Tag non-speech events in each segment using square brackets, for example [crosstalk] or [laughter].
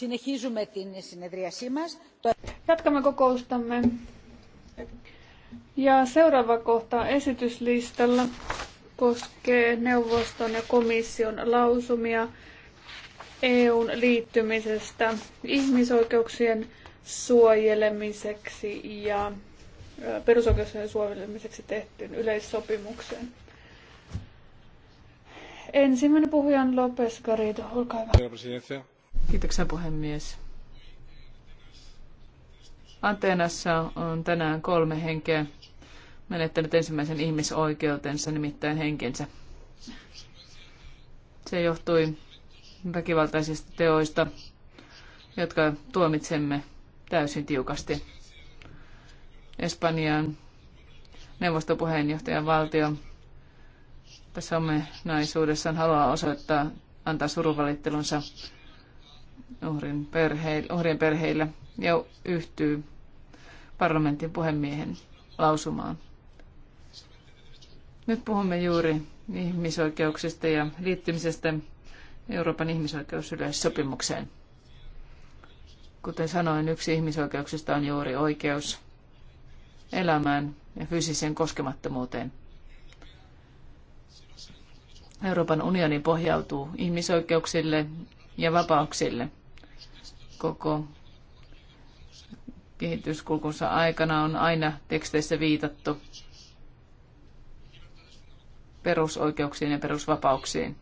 Συνεχίζουμε την συνεδρίασή μας. Jatkamme kokoustamme. Ja seuraava kohta esityslistalla koskee neuvoston ja komission lausumia EUn liittymisestä ihmisoikeuksien suojelemiseksi ja perusoikeuksien suojelemiseksi tehtyyn yleissopimukseen. Ensimmäinen puhuja on López Garrido, olkaa hyvä. Kiitoksia puhemies. Ateenassa on tänään kolme henkeä menettänyt ensimmäisen ihmisoikeutensa, nimittäin henkensä. Se johtui väkivaltaisista teoista, jotka tuomitsemme täysin tiukasti. Espanjan neuvostopuheenjohtajan valtio tässä omenaisuudessaan haluaa osoittaa, antaa suruvalittelunsa uhrin, perheille, uhrien perheillä ja yhtyy parlamentin puhemiehen lausumaan. Nyt puhumme juuri ihmisoikeuksista ja liittymisestä Euroopan ihmisoikeusyleissopimukseen. Kuten sanoin, yksi ihmisoikeuksista on juuri oikeus elämään ja fyysiseen koskemattomuuteen. Euroopan unioni pohjautuu ihmisoikeuksille ja vapauksille koko kehityskulkunsa aikana on aina teksteissä viitattu perusoikeuksiin ja perusvapauksiin.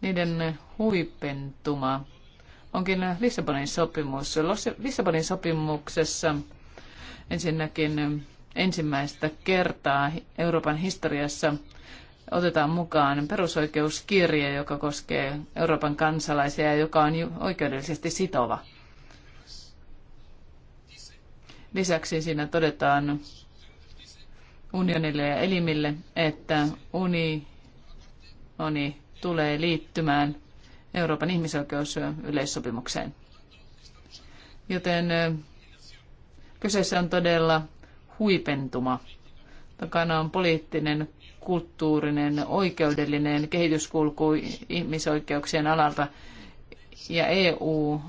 Niiden huipentuma onkin Lissabonin sopimus. Lissabonin sopimuksessa ensinnäkin ensimmäistä kertaa Euroopan historiassa otetaan mukaan perusoikeuskirja, joka koskee Euroopan kansalaisia ja joka on oikeudellisesti sitova. Lisäksi siinä todetaan unionille ja elimille, että uni, uni tulee liittymään Euroopan ihmisoikeusyleissopimukseen. Joten kyseessä on todella huipentuma. Takana on poliittinen kulttuurinen, oikeudellinen kehityskulku ihmisoikeuksien alalta. Ja EU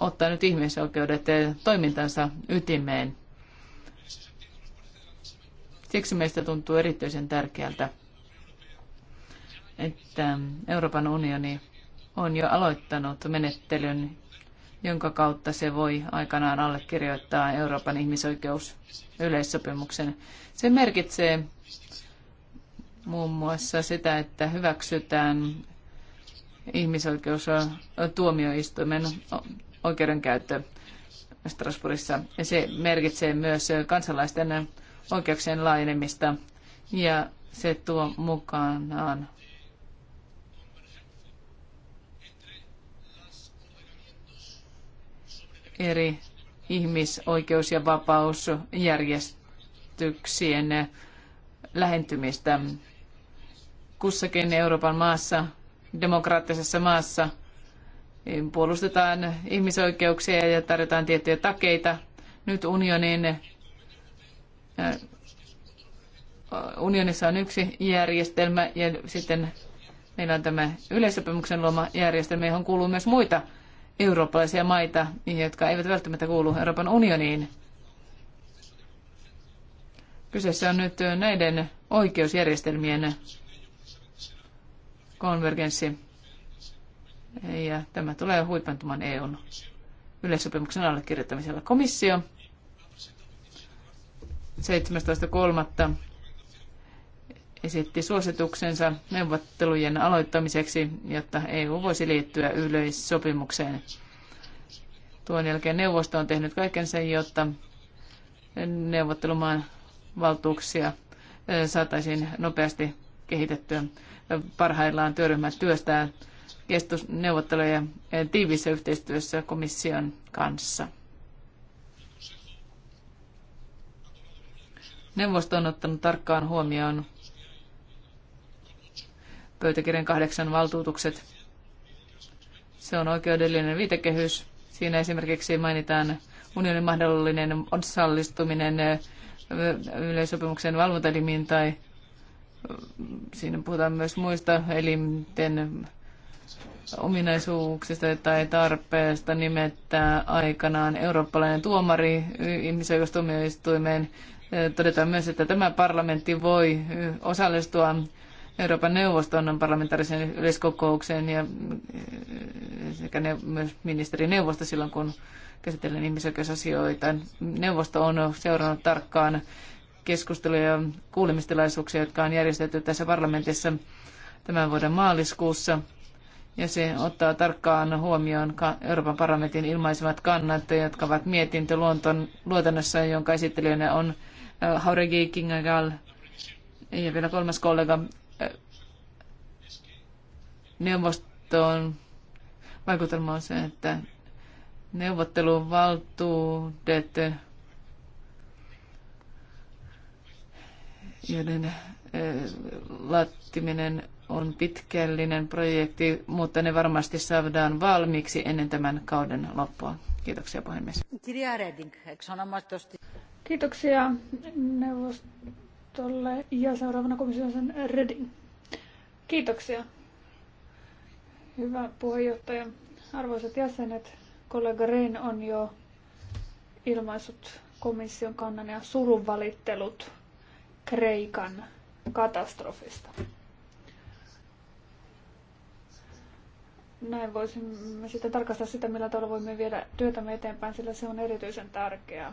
ottaa nyt ihmisoikeudet toimintansa ytimeen. Siksi meistä tuntuu erityisen tärkeältä, että Euroopan unioni on jo aloittanut menettelyn, jonka kautta se voi aikanaan allekirjoittaa Euroopan ihmisoikeusyleissopimuksen. Se merkitsee muun muassa sitä, että hyväksytään tuomioistuimen oikeudenkäyttö Strasbourgissa. Ja se merkitsee myös kansalaisten oikeuksien laajenemista ja se tuo mukanaan eri ihmisoikeus- ja vapausjärjestyksien lähentymistä kussakin Euroopan maassa, demokraattisessa maassa, niin puolustetaan ihmisoikeuksia ja tarjotaan tiettyjä takeita. Nyt unionin, äh, unionissa on yksi järjestelmä ja sitten meillä on tämä yleissopimuksen luoma järjestelmä, johon kuuluu myös muita eurooppalaisia maita, jotka eivät välttämättä kuulu Euroopan unioniin. Kyseessä on nyt näiden oikeusjärjestelmien konvergenssi. Ja tämä tulee huipentumaan EUn yleissopimuksen allekirjoittamisella. Komissio 17.3. esitti suosituksensa neuvottelujen aloittamiseksi, jotta EU voisi liittyä yleissopimukseen. Tuon jälkeen neuvosto on tehnyt kaiken sen, jotta neuvottelumaan valtuuksia saataisiin nopeasti kehitettyä parhaillaan työryhmä työstää kestosneuvotteluja tiiviissä yhteistyössä komission kanssa. Neuvosto on ottanut tarkkaan huomioon pöytäkirjan kahdeksan valtuutukset. Se on oikeudellinen viitekehys. Siinä esimerkiksi mainitaan unionin mahdollinen osallistuminen yleissopimuksen valvontaelimiin tai Siinä puhutaan myös muista elinten ominaisuuksista tai tarpeesta nimettää aikanaan eurooppalainen tuomari ihmisoikeustuomioistuimeen. Todetaan myös, että tämä parlamentti voi osallistua Euroopan neuvoston parlamentaarisen yleiskokoukseen ja sekä ne, myös ministerineuvosto silloin, kun käsitellään ihmisoikeusasioita. Neuvosto on seurannut tarkkaan keskusteluja ja kuulemistilaisuuksia, jotka on järjestetty tässä parlamentissa tämän vuoden maaliskuussa. Ja se ottaa tarkkaan huomioon Euroopan parlamentin ilmaisemat kannat, jotka ovat mietintö luontonnossa, jonka esittelijänä on äh, Hauregi Kingagal ja vielä kolmas kollega äh, neuvostoon. Vaikutelma on se, että neuvotteluvaltuudet joiden laattiminen on pitkällinen projekti, mutta ne varmasti saadaan valmiiksi ennen tämän kauden loppua. Kiitoksia puhemies. Kiitoksia neuvostolle ja seuraavana komission Redding. Kiitoksia. Hyvä puheenjohtaja. Arvoisat jäsenet, kollega Rein on jo ilmaissut komission kannan ja surun valittelut Kreikan katastrofista. Näin voisimme sitten tarkastaa sitä, millä tavalla voimme viedä työtämme eteenpäin, sillä se on erityisen tärkeää,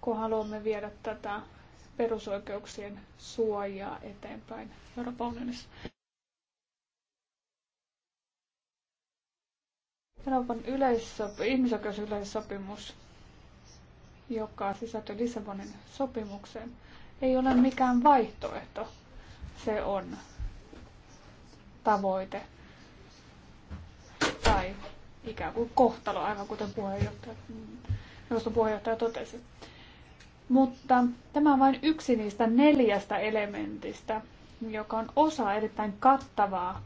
kun haluamme viedä tätä perusoikeuksien suojaa eteenpäin Euroopan unionissa. Euroopan yleissop- ihmisoikeusyleissopimus, joka sisältyy Lissabonin sopimukseen, ei ole mikään vaihtoehto. Se on tavoite tai ikään kuin kohtalo, aivan kuten puheenjohtaja, neuvoston puheenjohtaja totesi. Mutta tämä on vain yksi niistä neljästä elementistä, joka on osa erittäin kattavaa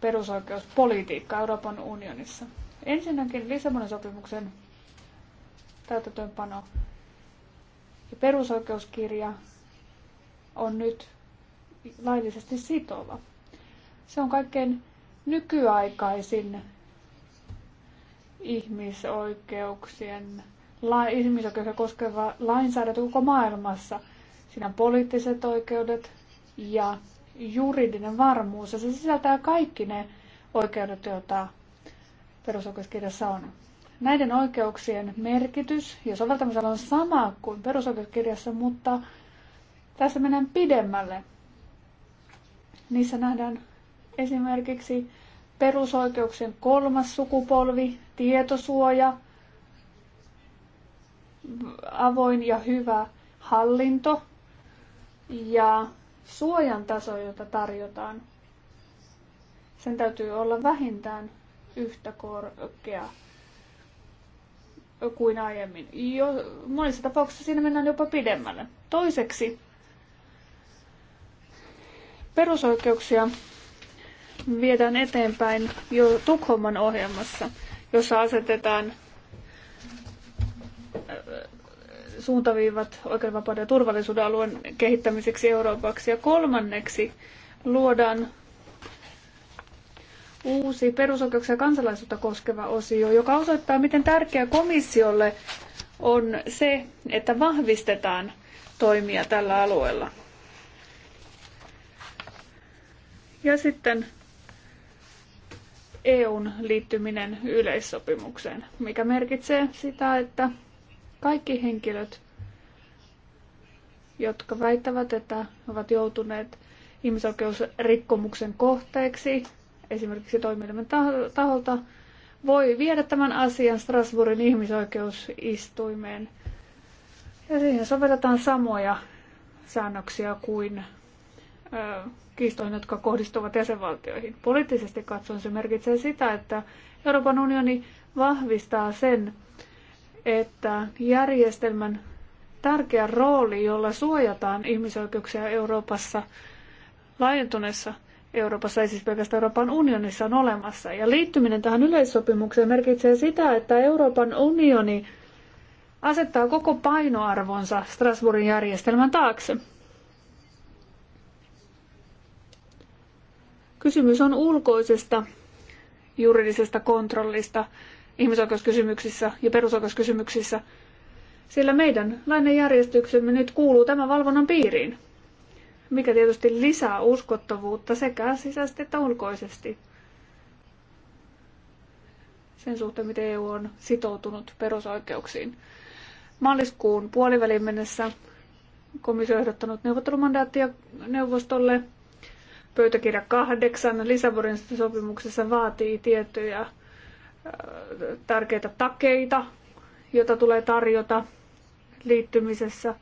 perusoikeuspolitiikkaa Euroopan unionissa. Ensinnäkin Lissabonin sopimuksen täytäntöönpano ja perusoikeuskirja on nyt laillisesti sitova. Se on kaikkein nykyaikaisin ihmisoikeuksien, ihmisoikeuksia koskeva lainsäädäntö koko maailmassa. Siinä on poliittiset oikeudet ja juridinen varmuus, ja se sisältää kaikki ne oikeudet, joita perusoikeuskirjassa on. Näiden oikeuksien merkitys ja soveltamisella on sama kuin perusoikeuskirjassa, mutta tässä mennään pidemmälle. Niissä nähdään esimerkiksi perusoikeuksien kolmas sukupolvi, tietosuoja, avoin ja hyvä hallinto ja suojan taso, jota tarjotaan. Sen täytyy olla vähintään yhtä korkea kuin aiemmin. Jo, monissa tapauksissa siinä mennään jopa pidemmälle. Toiseksi perusoikeuksia viedään eteenpäin jo Tukholman ohjelmassa, jossa asetetaan äh, suuntaviivat oikeudenvapauden ja turvallisuuden alueen kehittämiseksi Euroopaksi. Ja kolmanneksi luodaan uusi perusoikeuksia ja kansalaisuutta koskeva osio, joka osoittaa, miten tärkeää komissiolle on se, että vahvistetaan toimia tällä alueella. Ja sitten EUn liittyminen yleissopimukseen, mikä merkitsee sitä, että kaikki henkilöt, jotka väittävät, että ovat joutuneet ihmisoikeusrikkomuksen kohteeksi, esimerkiksi toimielimen taholta voi viedä tämän asian Strasbourgin ihmisoikeusistuimeen. Ja siihen sovelletaan samoja säännöksiä kuin ö, kiistoihin, jotka kohdistuvat jäsenvaltioihin. Poliittisesti katsoen se merkitsee sitä, että Euroopan unioni vahvistaa sen, että järjestelmän tärkeä rooli, jolla suojataan ihmisoikeuksia Euroopassa laajentuneessa Euroopassa, ei siis pelkästään Euroopan unionissa, on olemassa. Ja liittyminen tähän yleissopimukseen merkitsee sitä, että Euroopan unioni asettaa koko painoarvonsa Strasbourgin järjestelmän taakse. Kysymys on ulkoisesta juridisesta kontrollista ihmisoikeuskysymyksissä ja perusoikeuskysymyksissä, sillä meidän järjestyksemme nyt kuuluu tämän valvonnan piiriin mikä tietysti lisää uskottavuutta sekä sisäisesti että ulkoisesti sen suhteen, miten EU on sitoutunut perusoikeuksiin. Maaliskuun puolivälin mennessä komissio on ehdottanut neuvottelumandaattia neuvostolle. Pöytäkirja 8 Lissabonin sopimuksessa vaatii tiettyjä tärkeitä takeita, joita tulee tarjota liittymisessä –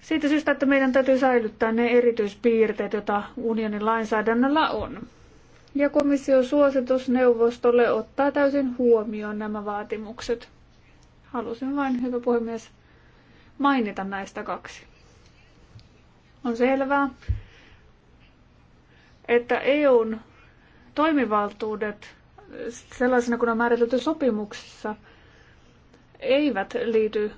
siitä syystä, että meidän täytyy säilyttää ne erityispiirteet, joita unionin lainsäädännöllä on. Ja komission suositus neuvostolle ottaa täysin huomioon nämä vaatimukset. Halusin vain, hyvä puhemies, mainita näistä kaksi. On selvää, että EUn toimivaltuudet sellaisena kuin on määritelty sopimuksissa eivät liity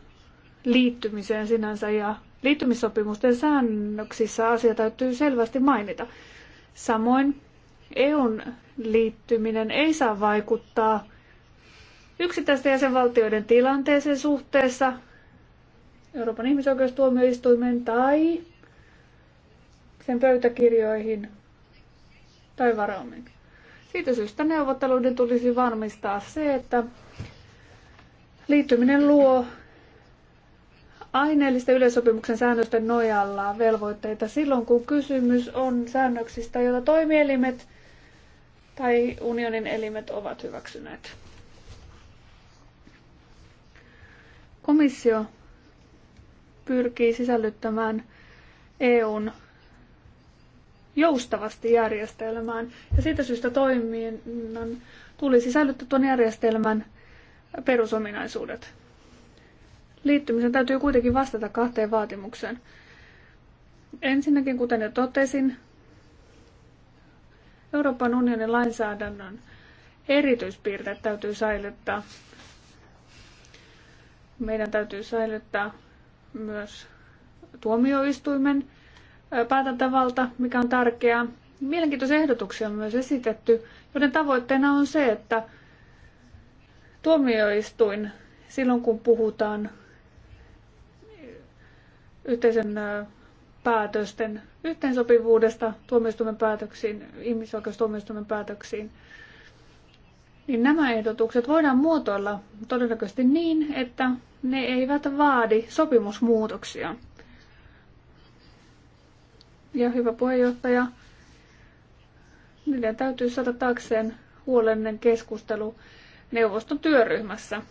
liittymiseen sinänsä ja Liittymissopimusten säännöksissä asia täytyy selvästi mainita. Samoin EUn liittyminen ei saa vaikuttaa yksittäisten jäsenvaltioiden tilanteeseen suhteessa Euroopan ihmisoikeustuomioistuimen tai sen pöytäkirjoihin tai varaumiin. Siitä syystä neuvotteluiden tulisi varmistaa se, että liittyminen luo aineellisten yleissopimuksen säännösten nojalla velvoitteita silloin, kun kysymys on säännöksistä, joita toimielimet tai unionin elimet ovat hyväksyneet. Komissio pyrkii sisällyttämään EUn joustavasti järjestelmään ja siitä syystä toiminnan tuli sisällyttää tuon järjestelmän perusominaisuudet liittymisen täytyy kuitenkin vastata kahteen vaatimukseen. Ensinnäkin, kuten jo totesin, Euroopan unionin lainsäädännön erityispiirteet täytyy säilyttää. Meidän täytyy säilyttää myös tuomioistuimen päätäntävalta, mikä on tärkeää. Mielenkiintoisia ehdotuksia on myös esitetty, joiden tavoitteena on se, että tuomioistuin silloin kun puhutaan yhteisen päätösten yhteensopivuudesta tuomioistuimen päätöksiin, ihmisoikeustuomioistuimen päätöksiin, niin nämä ehdotukset voidaan muotoilla todennäköisesti niin, että ne eivät vaadi sopimusmuutoksia. Ja hyvä puheenjohtaja, niiden täytyy saada taakseen huolellinen keskustelu neuvoston työryhmässä.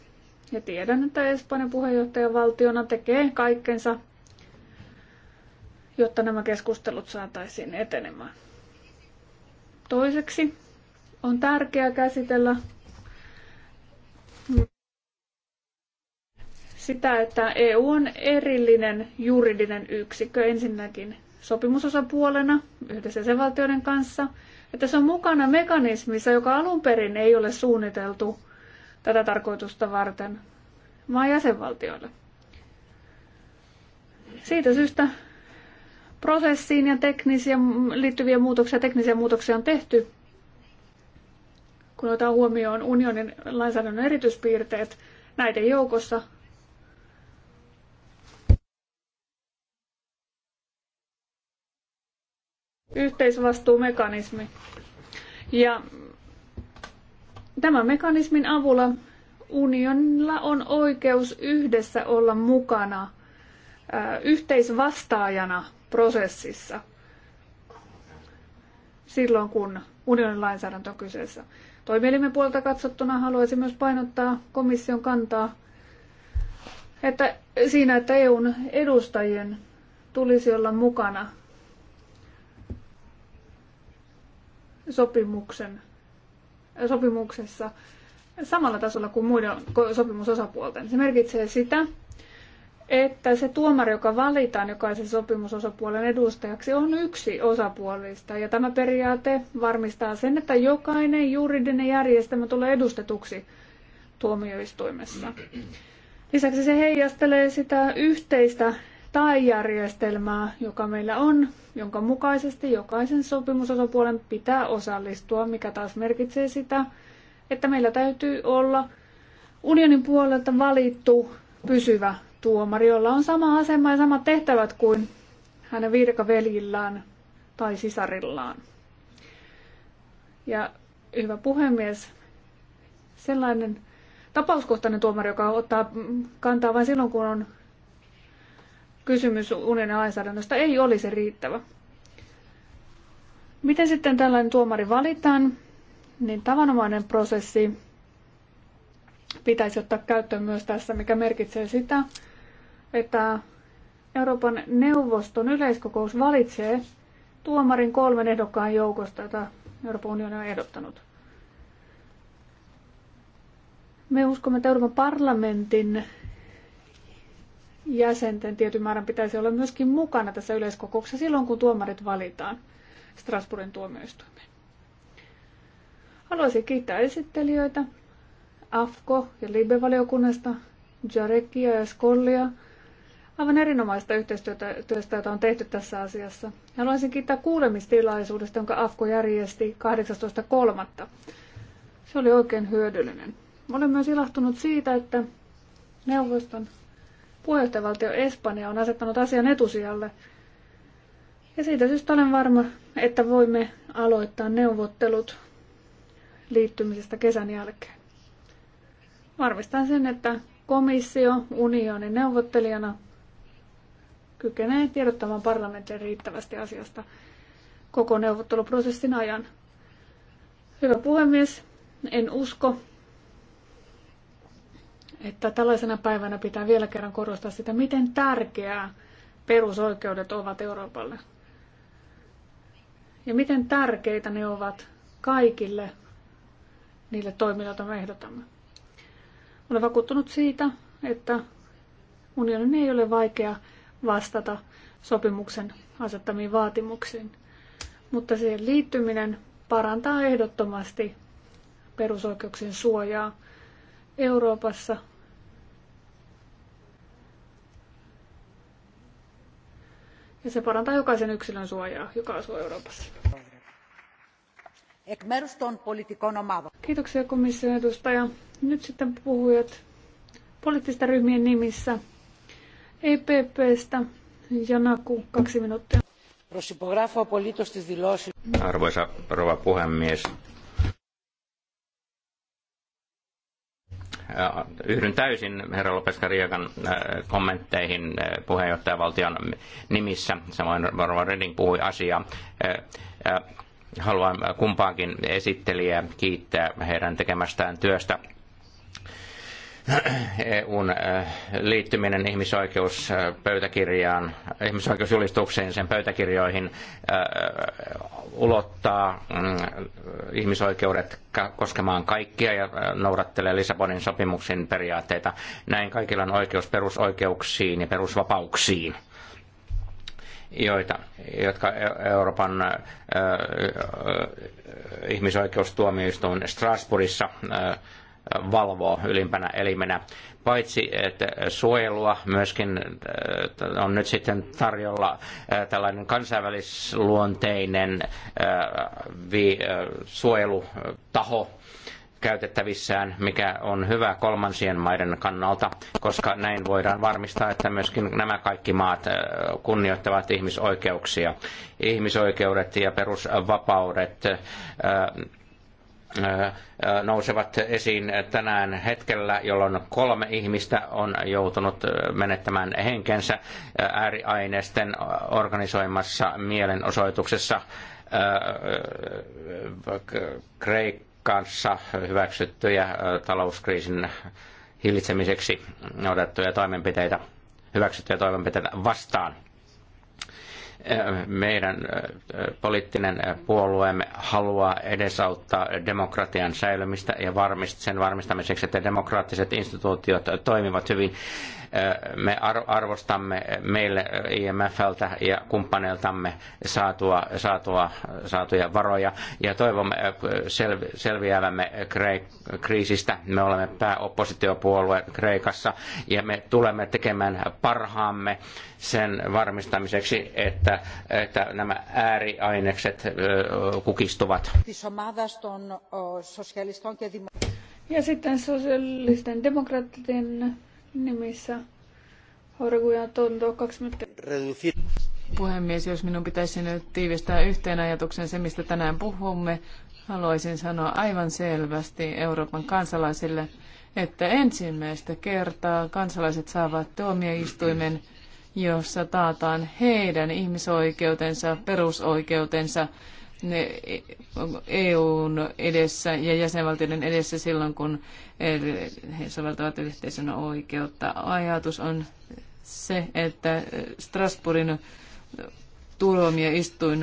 Ja tiedän, että Espanjan puheenjohtajavaltiona tekee kaikkensa jotta nämä keskustelut saataisiin etenemään. Toiseksi on tärkeää käsitellä sitä, että EU on erillinen juridinen yksikkö ensinnäkin sopimusosapuolena yhdessä jäsenvaltioiden kanssa, että se on mukana mekanismissa, joka alun perin ei ole suunniteltu tätä tarkoitusta varten, vaan jäsenvaltioille. Siitä syystä prosessiin ja teknisiä, liittyviä muutoksia, teknisiä muutoksia on tehty, kun otetaan huomioon unionin lainsäädännön erityispiirteet näiden joukossa. Yhteisvastuumekanismi. Ja tämän mekanismin avulla unionilla on oikeus yhdessä olla mukana yhteisvastaajana – prosessissa silloin, kun unionin lainsäädäntö on kyseessä. Toimielimen puolta katsottuna haluaisin myös painottaa komission kantaa että siinä, että EUn edustajien tulisi olla mukana sopimuksen, sopimuksessa samalla tasolla kuin muiden sopimusosapuolten. Se merkitsee sitä, että se tuomari, joka valitaan jokaisen sopimusosapuolen edustajaksi, on yksi osapuolista. Ja tämä periaate varmistaa sen, että jokainen juridinen järjestelmä tulee edustetuksi tuomioistuimessa. Lisäksi se heijastelee sitä yhteistä tai järjestelmää, joka meillä on, jonka mukaisesti jokaisen sopimusosapuolen pitää osallistua, mikä taas merkitsee sitä, että meillä täytyy olla unionin puolelta valittu pysyvä tuomari, jolla on sama asema ja samat tehtävät kuin hänen virkaveljillään tai sisarillaan. Ja hyvä puhemies, sellainen tapauskohtainen tuomari, joka ottaa kantaa vain silloin, kun on kysymys unionin lainsäädännöstä, ei olisi riittävä. Miten sitten tällainen tuomari valitaan? Niin tavanomainen prosessi pitäisi ottaa käyttöön myös tässä, mikä merkitsee sitä, että Euroopan neuvoston yleiskokous valitsee tuomarin kolmen ehdokkaan joukosta, jota Euroopan unioni on ehdottanut. Me uskomme, että Euroopan parlamentin jäsenten tietyn määrän pitäisi olla myöskin mukana tässä yleiskokouksessa silloin, kun tuomarit valitaan Strasbourgin tuomioistuimeen. Haluaisin kiittää esittelijöitä AFKO ja LIBE-valiokunnasta, Jarekia ja Skollia. Aivan erinomaista yhteistyötä, työstä, jota on tehty tässä asiassa. Haluaisin kiittää kuulemistilaisuudesta, jonka AFKO järjesti 18.3. Se oli oikein hyödyllinen. Olen myös ilahtunut siitä, että neuvoston puheenjohtajavaltio Espanja on asettanut asian etusijalle. Ja siitä syystä olen varma, että voimme aloittaa neuvottelut liittymisestä kesän jälkeen varmistan sen, että komissio unionin neuvottelijana kykenee tiedottamaan parlamentille riittävästi asiasta koko neuvotteluprosessin ajan. Hyvä puhemies, en usko, että tällaisena päivänä pitää vielä kerran korostaa sitä, miten tärkeää perusoikeudet ovat Euroopalle. Ja miten tärkeitä ne ovat kaikille niille toimijoille, joita me ehdotamme. Olen vakuuttunut siitä, että unionin ei ole vaikea vastata sopimuksen asettamiin vaatimuksiin, mutta siihen liittyminen parantaa ehdottomasti perusoikeuksien suojaa Euroopassa. Ja se parantaa jokaisen yksilön suojaa, joka asuu Euroopassa. Kiitoksia komission edustaja. Nyt sitten puhujat poliittisten ryhmien nimissä. EPPstä Janaku, kaksi minuuttia. Arvoisa rouva puhemies, yhdyn täysin herra lopes kommentteihin puheenjohtajavaltion nimissä. Samoin varmaan Redding puhui asiaa. Haluan kumpaankin esittelijää kiittää heidän tekemästään työstä EUn äh, liittyminen ihmisoikeuspöytäkirjaan, ihmisoikeusjulistukseen sen pöytäkirjoihin äh, äh, ulottaa mm, ihmisoikeudet koskemaan kaikkia ja noudattelee Lissabonin sopimuksen periaatteita. Näin kaikilla on oikeus perusoikeuksiin ja perusvapauksiin joita, jotka e-, Euroopan ö, ihmisoikeustuomioistuin Strasbourgissa valvoo ylimpänä elimenä. Paitsi että suojelua myöskin äh, on nyt sitten tarjolla äh, tällainen kansainvälisluonteinen äh, suojelutaho, käytettävissään, mikä on hyvä kolmansien maiden kannalta, koska näin voidaan varmistaa, että myöskin nämä kaikki maat kunnioittavat ihmisoikeuksia. Ihmisoikeudet ja perusvapaudet nousevat esiin tänään hetkellä, jolloin kolme ihmistä on joutunut menettämään henkensä ääriaineisten organisoimassa mielenosoituksessa Kreikassa hyväksyttyjä talouskriisin hillitsemiseksi otettuja toimenpiteitä, hyväksyttyjä toimenpiteitä vastaan meidän poliittinen puolueemme haluaa edesauttaa demokratian säilymistä ja sen varmistamiseksi, että demokraattiset instituutiot toimivat hyvin. Me arvostamme meille IMFltä ja kumppaneiltamme saatua, saatua, saatuja varoja ja toivomme selviävämme kriisistä. Me olemme pääoppositiopuolue Kreikassa ja me tulemme tekemään parhaamme sen varmistamiseksi, että, että nämä ääriainekset kukistuvat. Ja sitten sosialisten demokraattien nimissä Horguja Tonto 20. Puhemies, jos minun pitäisi nyt tiivistää yhteen ajatuksen se, mistä tänään puhumme, haluaisin sanoa aivan selvästi Euroopan kansalaisille, että ensimmäistä kertaa kansalaiset saavat tuomioistuimen jossa taataan heidän ihmisoikeutensa, perusoikeutensa EUn e edessä ja jäsenvaltioiden edessä silloin, kun he soveltavat yhteisön oikeutta. Ajatus on se, että Strasbourgin tuomioistuin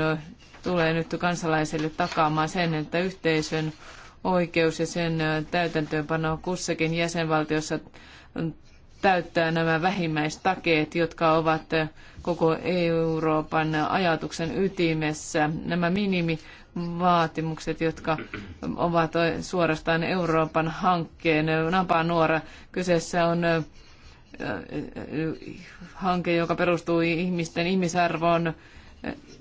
tulee nyt kansalaisille takaamaan sen, että yhteisön oikeus ja sen täytäntöönpano kussakin jäsenvaltiossa täyttää nämä vähimmäistakeet, jotka ovat koko Euroopan ajatuksen ytimessä. Nämä minimivaatimukset, jotka ovat suorastaan Euroopan hankkeen napanuora. Kyseessä on hanke, joka perustuu ihmisten ihmisarvoon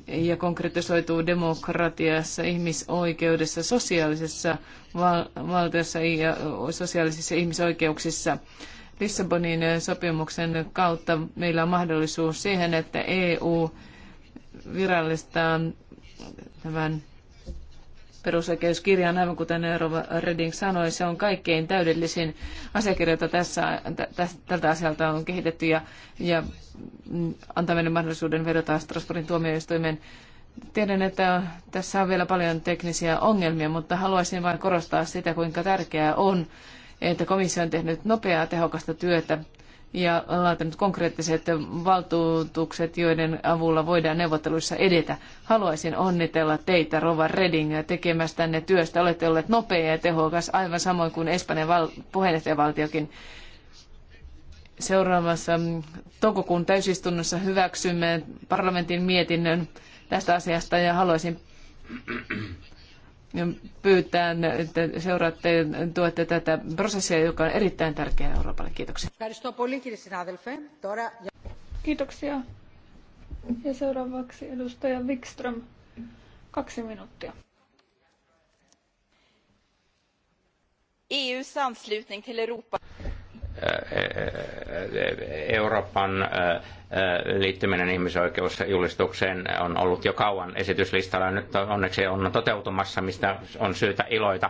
ja konkretisoituu demokratiassa, ihmisoikeudessa, sosiaalisessa val- valtiossa ja sosiaalisissa ihmisoikeuksissa. Lissabonin eh, sopimuksen kautta meillä on mahdollisuus siihen, että EU virallistaa tämän perusoikeuskirjan, aivan kuten Eurova Reding sanoi, se on kaikkein täydellisin asiakirja, jota tässä, tältä asialta on kehitetty ja, ja antaa mahdollisuuden vedota Strasbourgin tuomioistuimen. Tiedän, että tässä on vielä paljon teknisiä ongelmia, mutta haluaisin vain korostaa sitä, kuinka tärkeää on että komissio on tehnyt nopeaa tehokasta työtä ja laatinut konkreettiset valtuutukset, joiden avulla voidaan neuvotteluissa edetä. Haluaisin onnitella teitä, Rova Reding, tekemästänne työstä. Olette olleet nopea ja tehokas, aivan samoin kuin Espanjan val- puheenjohtajavaltiokin. Seuraavassa mm, toukokuun täysistunnossa hyväksymme parlamentin mietinnön tästä asiasta ja haluaisin pyytään, että seuraatte ja tuette tätä prosessia, joka on erittäin tärkeä Euroopalle. Kiitoksia. Kiitoksia. Ja seuraavaksi edustaja Wikström. Kaksi minuuttia. eu anslutning till Europa. Äh, äh, äh, Euroopan liittyminen ihmisoikeusjulistukseen on ollut jo kauan esityslistalla. Nyt onneksi on toteutumassa, mistä on syytä iloita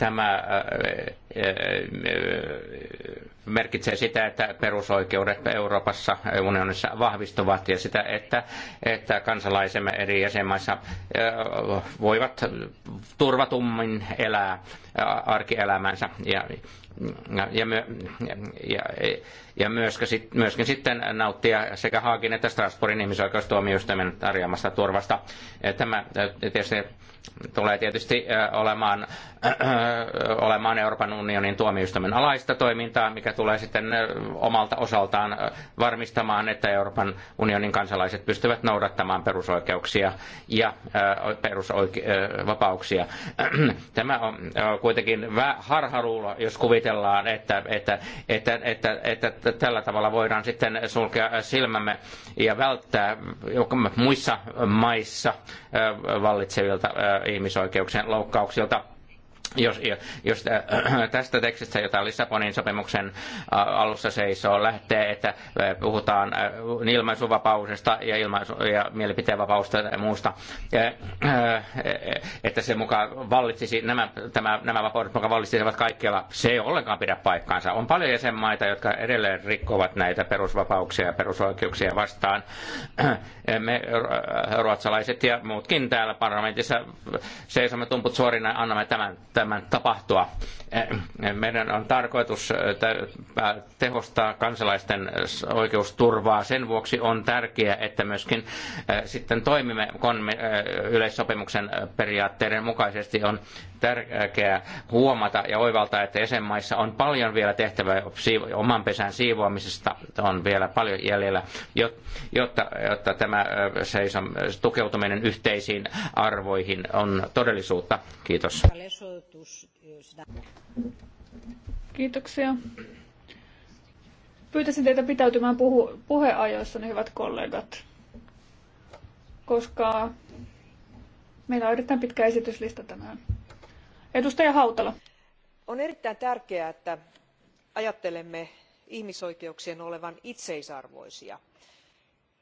Tämä äh, äh, äh, merkitsee sitä, että perusoikeudet Euroopassa unionissa vahvistuvat ja sitä, että, että kansalaisemme eri jäsenmaissa voivat turvatummin elää arkielämänsä ja ja, my, ja, ja myöskin, sit, myöskin sitten nauttia sekä Haagin että Strasbourgin ihmisoikeustuomioistuimen tarjoamasta turvasta. Eh, tämä eh, tietysti tulee tietysti eh, olemaan, olemaan Euroopan unionin tuomioistuimen alaista toimintaa, mikä tulee sitten omalta osaltaan varmistamaan, että Euroopan unionin kansalaiset pystyvät noudattamaan perusoikeuksia ja perusvapauksia. [clears throat] Tämä on kuitenkin harharuulo, jos kuvitellaan, kuvitellaan, että, että, että, että, että, tällä tavalla voidaan sitten sulkea silmämme ja välttää muissa maissa vallitsevilta ihmisoikeuksien loukkauksilta jos, jos äh, [clears throat] tästä tekstistä, jota Lissabonin sopimuksen äh, alussa seisoo, lähtee, että äh, puhutaan ilmaisuvapausesta ja, ilmaisu- ja mielipiteenvapausta ja muusta, että se mukaan vallitsisi, nämä, tämä, nämä vapaudet mukaan vallitsisivat kaikkialla, se ei ollenkaan pidä paikkaansa. On paljon jäsenmaita, jotka edelleen rikkovat näitä perusvapauksia ja perusoikeuksia vastaan. [clears throat] Me ruotsalaiset ja muutkin täällä parlamentissa seisomme tumput suorina ja annamme tämän tämän tapahtua. Eh, meidän on tarkoitus eh, tehostaa kansalaisten oikeusturvaa. Sen vuoksi on tärkeää, että myöskin eh, sitten toimimme yleissopimuksen periaatteiden mukaisesti. On tärkeää huomata ja oivaltaa, että jäsenmaissa on paljon vielä tehtävää oman pesän siivoamisesta. On vielä paljon jäljellä, jotta, jotta tämä seison tukeutuminen yhteisiin arvoihin on todellisuutta. Kiitos. Kiitoksia. Pyytäisin teitä pitäytymään puhu- puheajoissa, niin hyvät kollegat, koska meillä on erittäin pitkä esityslista tänään. Edustaja Hautala. On erittäin tärkeää, että ajattelemme ihmisoikeuksien olevan itseisarvoisia –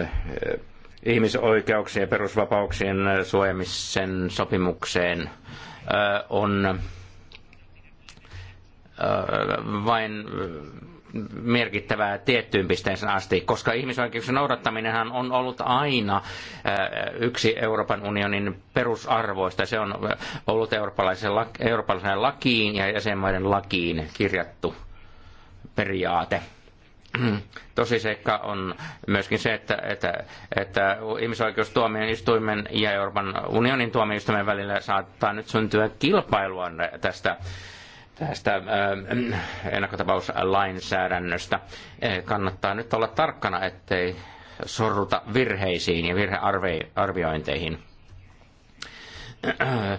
Äh, ihmisoikeuksien ja perusvapauksien äh, suojamisen sopimukseen äh, on vain merkittävää tiettyyn pisteeseen asti, koska ihmisoikeuksien noudattaminenhan on ollut aina yksi Euroopan unionin perusarvoista. Se on ollut eurooppalaisen, lakiin ja jäsenmaiden lakiin kirjattu periaate. Mm. Tosi seikka on myöskin se, että, että, että ihmisoikeustuomioistuimen ja Euroopan unionin tuomioistuimen välillä saattaa nyt syntyä kilpailua tästä tästä ähm, ennakkotapauslainsäädännöstä. Äh, kannattaa nyt olla tarkkana, ettei sorruta virheisiin ja virhearviointeihin. Äh,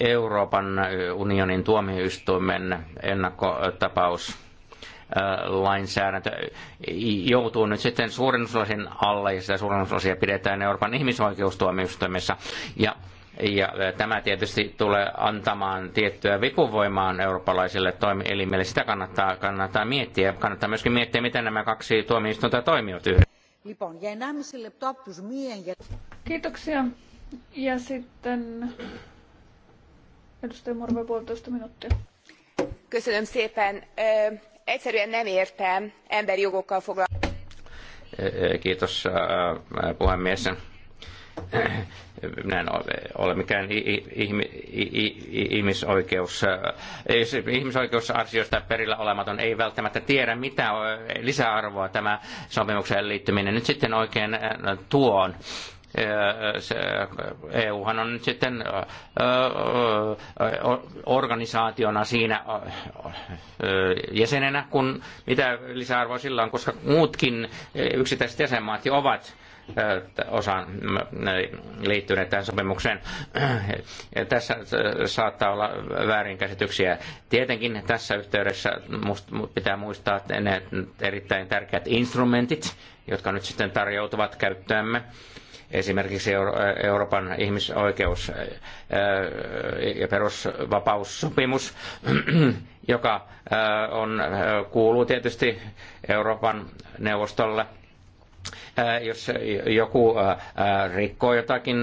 Euroopan unionin tuomioistuimen ennakkotapaus lainsäädäntö joutuu nyt sitten suurennuslasin alle, ja sitä suurennuslasia pidetään Euroopan ihmisoikeustuomioistuimessa. Ja ja tämä tietysti tulee antamaan tiettyä vipuvoimaan eurooppalaisille toimielimille. Sitä kannattaa, kannattaa miettiä. Kannattaa myöskin miettiä, miten nämä kaksi tuomioistuinta toimivat yhdessä. Kiitoksia. Ja sitten edustaja Morve puolitoista minuuttia. Köszönöm szépen egyszerűen nem értem emberi jogokkal foglalkozni. E, e, Kiitos puhemies. Minä ole mikään ihmisoikeus, ihmisoikeusasioista perillä olematon, ei välttämättä tiedä, mitä lisäarvoa tämä sopimukseen liittyminen nyt sitten oikein tuon EUhan on nyt sitten organisaationa siinä jäsenenä, kun mitä lisäarvoa sillä on, koska muutkin yksittäiset jäsenmaat jo ovat osan liittyneet tähän sopimukseen. Tässä saattaa olla väärinkäsityksiä. Tietenkin tässä yhteydessä pitää muistaa että ne erittäin tärkeät instrumentit, jotka nyt sitten tarjoutuvat käyttöömme Esimerkiksi Euroopan ihmisoikeus- ja perusvapaussopimus, [clears throat] joka on, kuuluu tietysti Euroopan neuvostolle – jos joku rikkoo jotakin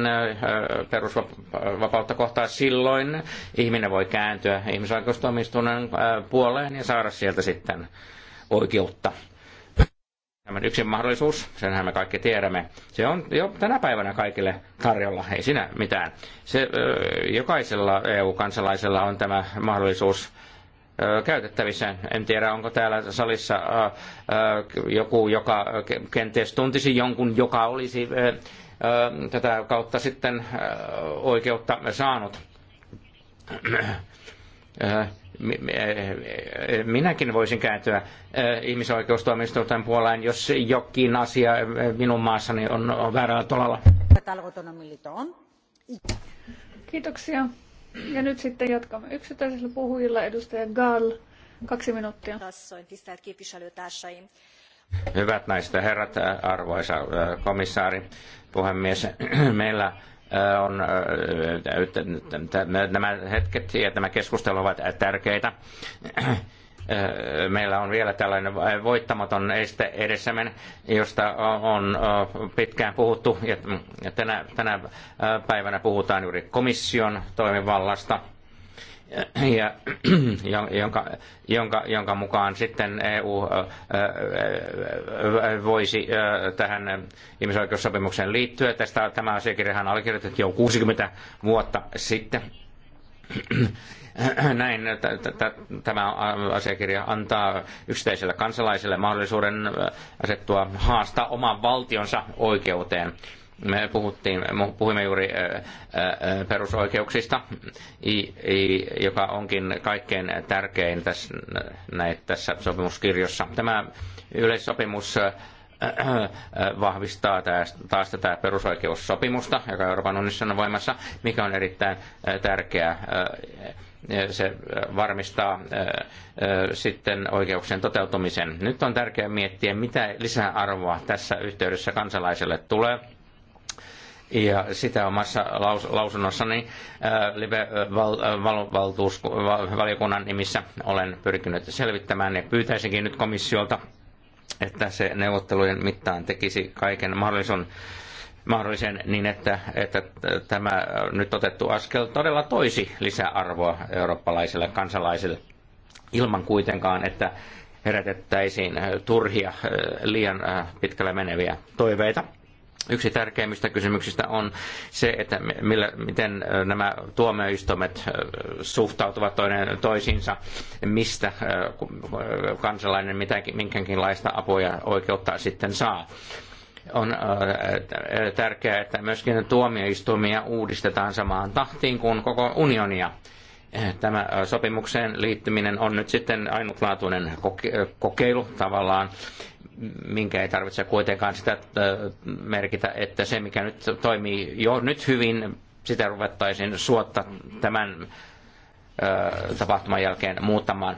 perusvapautta kohtaa, silloin ihminen voi kääntyä ihmisoikeustuomioistuimen puoleen ja saada sieltä sitten oikeutta. Tämä on yksi mahdollisuus, senhän me kaikki tiedämme. Se on jo tänä päivänä kaikille tarjolla, ei siinä mitään. Se, jokaisella EU-kansalaisella on tämä mahdollisuus käytettävissä. En tiedä, onko täällä salissa joku, joka kenties tuntisi jonkun, joka olisi tätä kautta sitten oikeutta saanut Eh, eh, minäkin voisin kääntyä eh, ihmisoikeustuomioistuinten puoleen, jos jokin asia minun maassani on, on väärällä tolalla. Kiitoksia. Ja nyt sitten jatkamme yksittäisillä puhujilla. Edustaja Gall, kaksi minuuttia. Hyvät naiset ja herrat, arvoisa komissaari, puhemies, [clears throat] meillä on, nämä hetket ja tämä keskustelu ovat tärkeitä. Meillä on vielä tällainen voittamaton este edessämme, josta on pitkään puhuttu ja tänä, tänä päivänä puhutaan juuri komission toimivallasta – ja, [clears throat] jonka, jonka, jonka mukaan sitten EU voisi tähän ihmisoikeussopimukseen liittyä. Tästä, tämä asiakirjahan allekirjoitettiin jo 60 vuotta sitten. [clears throat] Näin tämä asiakirja antaa yksittäiselle kansalaiselle mahdollisuuden asettua haastaa oman valtionsa oikeuteen me puhuttiin, puhuimme juuri perusoikeuksista, joka onkin kaikkein tärkein tässä, sopimuskirjassa. tässä sopimuskirjossa. Tämä yleissopimus vahvistaa taas tätä perusoikeussopimusta, joka Euroopan unionissa on voimassa, mikä on erittäin tärkeää. Se varmistaa sitten oikeuksien toteutumisen. Nyt on tärkeää miettiä, mitä lisäarvoa tässä yhteydessä kansalaiselle tulee – ja sitä omassa laus, lausunnossani äh, Live-valiokunnan nimissä olen pyrkinyt selvittämään ja pyytäisinkin nyt komissiolta, että se neuvottelujen mittaan tekisi kaiken mahdollisen mahdollisen niin, että, että tämä nyt otettu askel todella toisi lisäarvoa eurooppalaisille kansalaisille ilman kuitenkaan, että herätettäisiin turhia, äh, liian äh, pitkälle meneviä toiveita Yksi tärkeimmistä kysymyksistä on se, että millä, miten nämä tuomioistuimet suhtautuvat toinen toisiinsa, mistä kansalainen mitäkin, minkäkinlaista apua ja oikeutta sitten saa. On tärkeää, että myöskin tuomioistuimia uudistetaan samaan tahtiin kuin koko unionia Tämä sopimukseen liittyminen on nyt sitten ainutlaatuinen kokeilu tavallaan, minkä ei tarvitse kuitenkaan sitä merkitä, että se mikä nyt toimii jo nyt hyvin, sitä ruvettaisiin suotta tämän tapahtuman jälkeen muuttamaan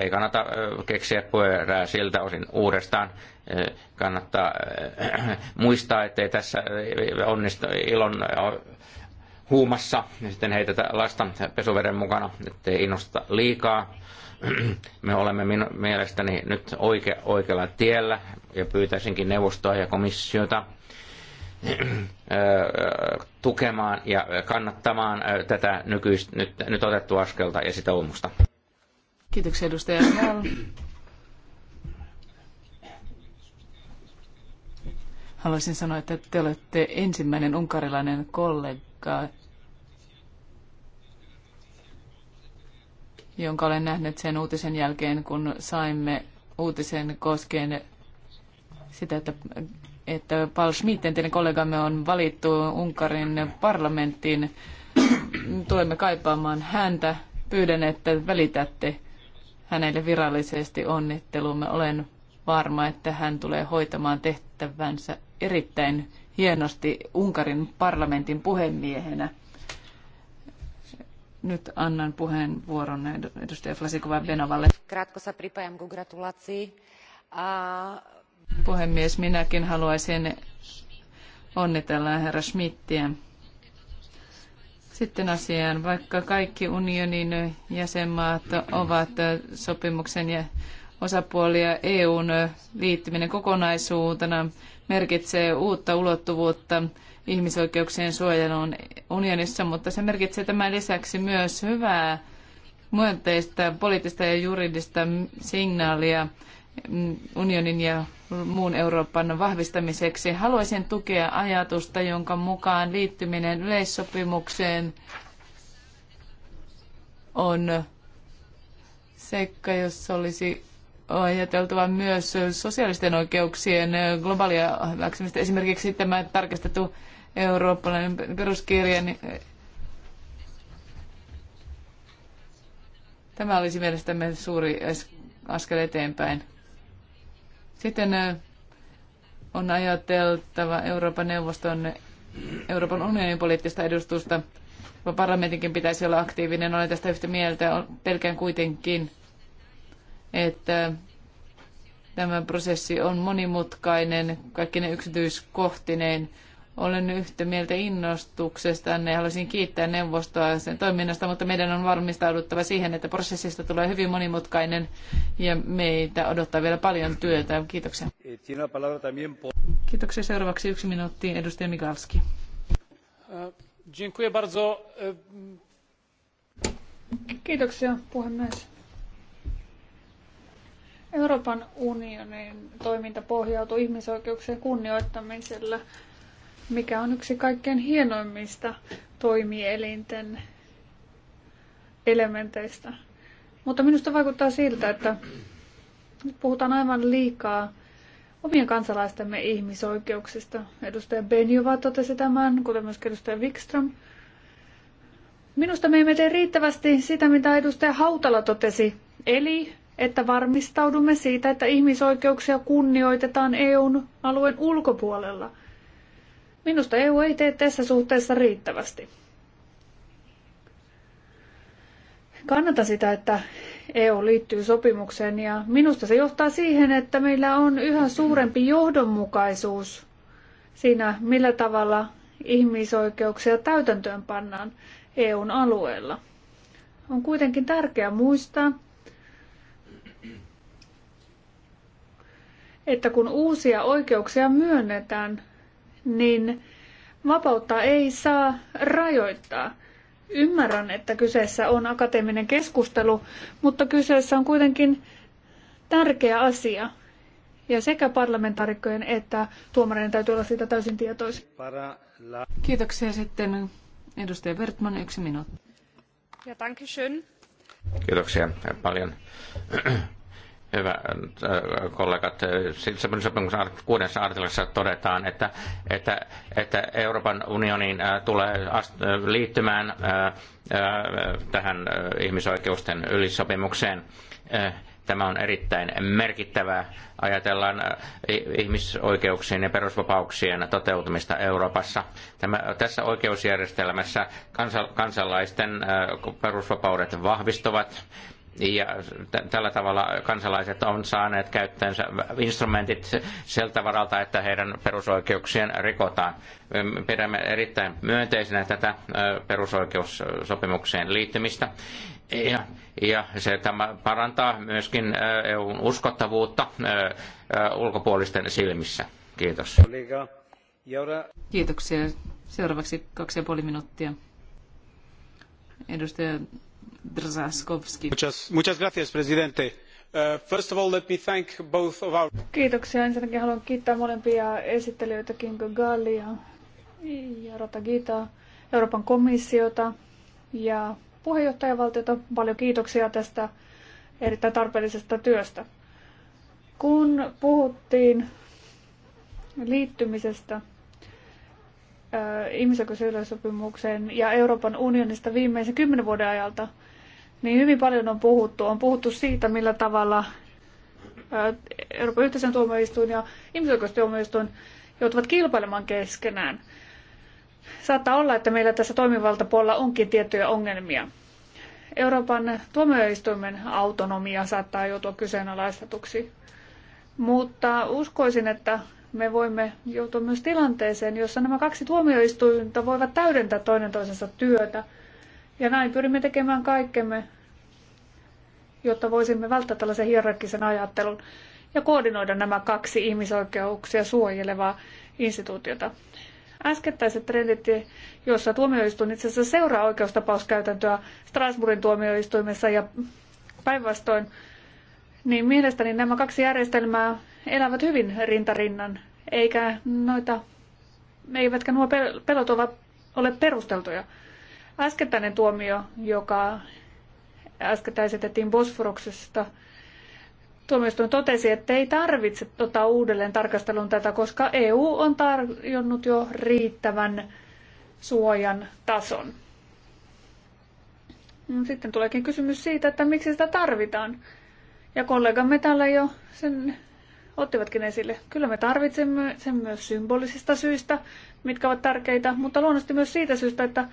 ei kannata keksiä pyörää siltä osin uudestaan. Kannattaa muistaa, ettei tässä onnistu ilon huumassa ja sitten heitä lasta pesuveden mukana, ettei innosta liikaa. [clears throat] Me olemme minu, mielestäni nyt oike, oikealla tiellä ja pyytäisinkin neuvostoa ja komissiota [clears throat] tukemaan ja kannattamaan tätä nykyistä, nyt, nyt otettua askelta ja uumusta. Kiitoksia edustaja Hall. Haluaisin sanoa, että te olette ensimmäinen unkarilainen kollega, jonka olen nähnyt sen uutisen jälkeen, kun saimme uutisen koskien sitä, että, että Paul Schmidt, entinen kollegamme, on valittu Unkarin parlamenttiin. Tulemme kaipaamaan häntä. Pyydän, että välitätte hänelle virallisesti onnittelumme. Olen varma, että hän tulee hoitamaan tehtävänsä erittäin hienosti Unkarin parlamentin puhemiehenä. Nyt annan puheenvuoron edustaja Flasikova Kratkossa pripajam ku gratulatsiin. Puhemies, minäkin haluaisin onnitella herra Schmidtiä. Sitten asiaan, vaikka kaikki unionin jäsenmaat ovat sopimuksen ja osapuolia EUn liittyminen kokonaisuutena merkitsee uutta ulottuvuutta ihmisoikeuksien suojeluun unionissa, mutta se merkitsee tämän lisäksi myös hyvää myönteistä poliittista ja juridista signaalia unionin ja muun Euroopan vahvistamiseksi. Haluaisin tukea ajatusta, jonka mukaan liittyminen yleissopimukseen on seikka, jos olisi ajateltava myös sosiaalisten oikeuksien globaalia hyväksymistä. Esimerkiksi tämä tarkistettu eurooppalainen peruskirja, niin eh, tämä olisi mielestämme suuri askel eteenpäin. Sitten eh, on ajateltava Euroopan neuvoston, Euroopan unionin poliittista edustusta. Parlamentinkin pitäisi olla aktiivinen, olen tästä yhtä mieltä. Pelkään kuitenkin, että tämä prosessi on monimutkainen, kaikki ne yksityiskohtineen olen yhtä mieltä innostuksesta. ja haluaisin kiittää neuvostoa sen toiminnasta, mutta meidän on varmistauduttava siihen, että prosessista tulee hyvin monimutkainen ja meitä odottaa vielä paljon työtä. Kiitoksia. Kiitoksia. Seuraavaksi yksi minuutti. Edustaja Mikalski. Kiitoksia puhemies. Euroopan unionin toiminta pohjautuu ihmisoikeuksien kunnioittamiselle mikä on yksi kaikkein hienoimmista toimielinten elementeistä. Mutta minusta vaikuttaa siltä, että nyt puhutaan aivan liikaa omien kansalaistemme ihmisoikeuksista. Edustaja Benjova totesi tämän, kuten myös edustaja Wikström. Minusta me emme tee riittävästi sitä, mitä edustaja Hautala totesi, eli että varmistaudumme siitä, että ihmisoikeuksia kunnioitetaan EUn alueen ulkopuolella – Minusta EU ei tee tässä suhteessa riittävästi. Kannata sitä, että EU liittyy sopimukseen ja minusta se johtaa siihen, että meillä on yhä suurempi johdonmukaisuus siinä, millä tavalla ihmisoikeuksia täytäntöön pannaan EUn alueella. On kuitenkin tärkeää muistaa, että kun uusia oikeuksia myönnetään, niin vapautta ei saa rajoittaa. Ymmärrän, että kyseessä on akateeminen keskustelu, mutta kyseessä on kuitenkin tärkeä asia. Ja sekä parlamentaarikkojen että tuomareiden täytyy olla siitä täysin tietoisia. Kiitoksia sitten edustaja Wertman, yksi minuutti. Ja, danke Kiitoksia paljon. Hyvä äh, kollegat, Lissabonin sopimuksen kuudessa artiklassa todetaan, että, että, että Euroopan unioniin äh, tulee äh, liittymään tähän ihmisoikeusten ylisopimukseen. Tämä on erittäin merkittävää. Ajatellaan ihmisoikeuksien ja perusvapauksien toteutumista Euroopassa. Tämä, tässä oikeusjärjestelmässä kansalaisten perusvapaudet vahvistuvat ja tällä tavalla kansalaiset on saaneet käyttöönsä instrumentit siltä varalta, että heidän perusoikeuksien rikotaan. Pidämme erittäin myönteisenä tätä perusoikeussopimukseen liittymistä. Ja, ja se tämä parantaa myöskin EUn uskottavuutta ulkopuolisten silmissä. Kiitos. Kiitoksia. Seuraavaksi kaksi ja puoli minuuttia. Edustaja Drzaskovski. Muchas, uh, Kiitoksia. Ensinnäkin haluan kiittää molempia esittelijöitä, Kinga Gallia ja Gita, Euroopan komissiota ja puheenjohtajavaltiota. Paljon kiitoksia tästä erittäin tarpeellisesta työstä. Kun puhuttiin liittymisestä uh, ihmisoikeusyleissopimukseen ja Euroopan unionista viimeisen kymmenen vuoden ajalta, niin hyvin paljon on puhuttu. On puhuttu siitä, millä tavalla Euroopan yhteisön tuomioistuin ja ihmisoikeustuomioistuin joutuvat kilpailemaan keskenään. Saattaa olla, että meillä tässä toimivaltapuolella onkin tiettyjä ongelmia. Euroopan tuomioistuimen autonomia saattaa joutua kyseenalaistetuksi. Mutta uskoisin, että me voimme joutua myös tilanteeseen, jossa nämä kaksi tuomioistuinta voivat täydentää toinen toisensa työtä – ja näin pyrimme tekemään kaikkemme, jotta voisimme välttää tällaisen hierarkkisen ajattelun ja koordinoida nämä kaksi ihmisoikeuksia suojelevaa instituutiota. Äskettäiset trendit, joissa tuomioistuin itse asiassa seuraa oikeustapauskäytäntöä Strasbourgin tuomioistuimessa ja päinvastoin, niin mielestäni nämä kaksi järjestelmää elävät hyvin rintarinnan, eikä noita, eivätkä nuo pelot ole perusteltuja. Äskettäinen tuomio, joka äskettäin esitettiin Bosforuksesta, tuomioistuin totesi, että ei tarvitse ottaa uudelleen tarkastelun tätä, koska EU on tarjonnut jo riittävän suojan tason. Sitten tuleekin kysymys siitä, että miksi sitä tarvitaan. Ja kollegamme täällä jo sen ottivatkin esille. Kyllä me tarvitsemme sen myös symbolisista syistä, mitkä ovat tärkeitä, mutta luonnollisesti myös siitä syystä, että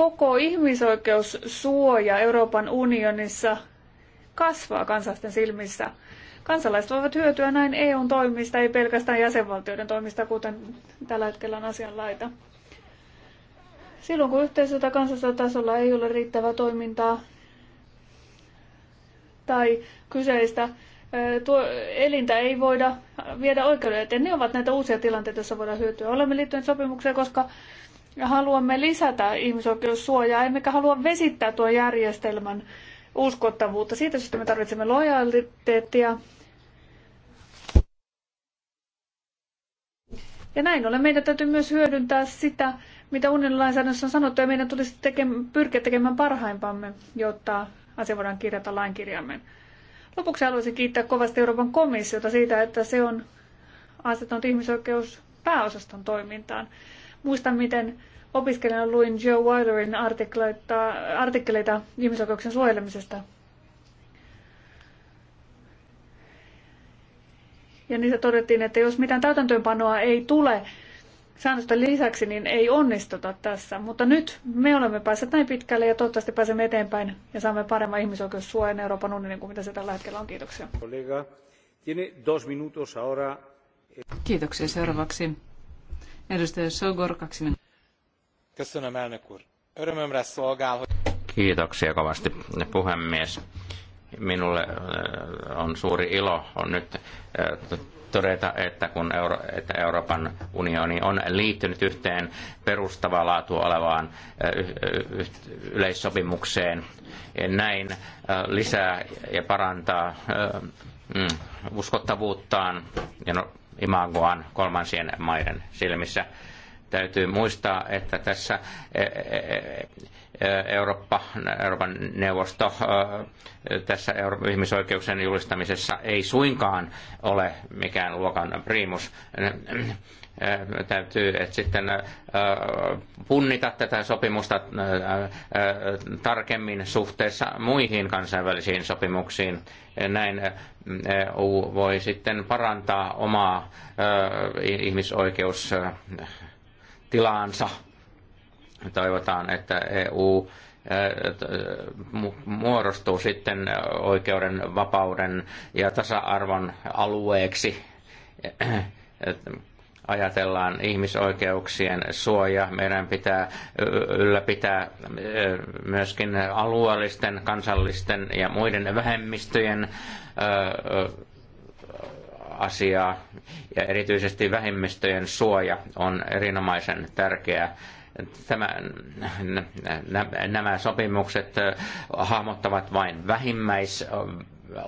koko ihmisoikeussuoja Euroopan unionissa kasvaa kansalaisten silmissä. Kansalaiset voivat hyötyä näin EUn toimista, ei pelkästään jäsenvaltioiden toimista, kuten tällä hetkellä on asianlaita. Silloin kun yhteisö- kansallisella tasolla ei ole riittävää toimintaa tai kyseistä tuo elintä ei voida viedä oikeuden eteen. Ne ovat näitä uusia tilanteita, joissa voidaan hyötyä. Olemme liittyneet sopimukseen, koska haluamme lisätä ihmisoikeussuojaa, emmekä halua vesittää tuon järjestelmän uskottavuutta. Siitä syystä me tarvitsemme lojaliteettia. Ja näin ollen meidän täytyy myös hyödyntää sitä, mitä unionilainsäädännössä on sanottu, ja meidän tulisi teke- pyrkiä tekemään parhaimpamme, jotta asia voidaan kirjata lainkirjaimen. Lopuksi haluaisin kiittää kovasti Euroopan komissiota siitä, että se on asettanut ihmisoikeuspääosaston toimintaan. Muistan, miten opiskelijana luin Joe Weilerin artikkeleita ihmisoikeuksien suojelemisesta. Ja niissä todettiin, että jos mitään täytäntöönpanoa ei tule säännösten lisäksi, niin ei onnistuta tässä. Mutta nyt me olemme päässeet näin pitkälle ja toivottavasti pääsemme eteenpäin ja saamme paremman ihmisoikeussuojan Euroopan unionin kuin mitä se tällä hetkellä on. Kiitoksia. Kiitoksia. Seuraavaksi Edustaja Kiitoksia kovasti, puhemies. Minulle eh, on suuri ilo on nyt eh, todeta, että kun Euro, että Euroopan unioni on liittynyt yhteen perustavaa laatua olevaan eh, yleissopimukseen, näin lisää ja parantaa mm, uskottavuuttaan ja no- imagoaan kolmansien maiden silmissä. Täytyy muistaa, että tässä e, e, e, Eurooppa, Euroopan neuvosto tässä Euroopan ihmisoikeuksien julistamisessa ei suinkaan ole mikään luokan primus täytyy että sitten punnita tätä sopimusta tarkemmin suhteessa muihin kansainvälisiin sopimuksiin. Näin EU voi sitten parantaa omaa ihmisoikeustilaansa. Toivotaan, että EU muodostuu sitten oikeuden, vapauden ja tasa-arvon alueeksi ajatellaan ihmisoikeuksien suoja. Meidän pitää ylläpitää myöskin alueellisten, kansallisten ja muiden vähemmistöjen asiaa. Ja erityisesti vähemmistöjen suoja on erinomaisen tärkeä. tämä, nämä sopimukset hahmottavat vain vähimmäis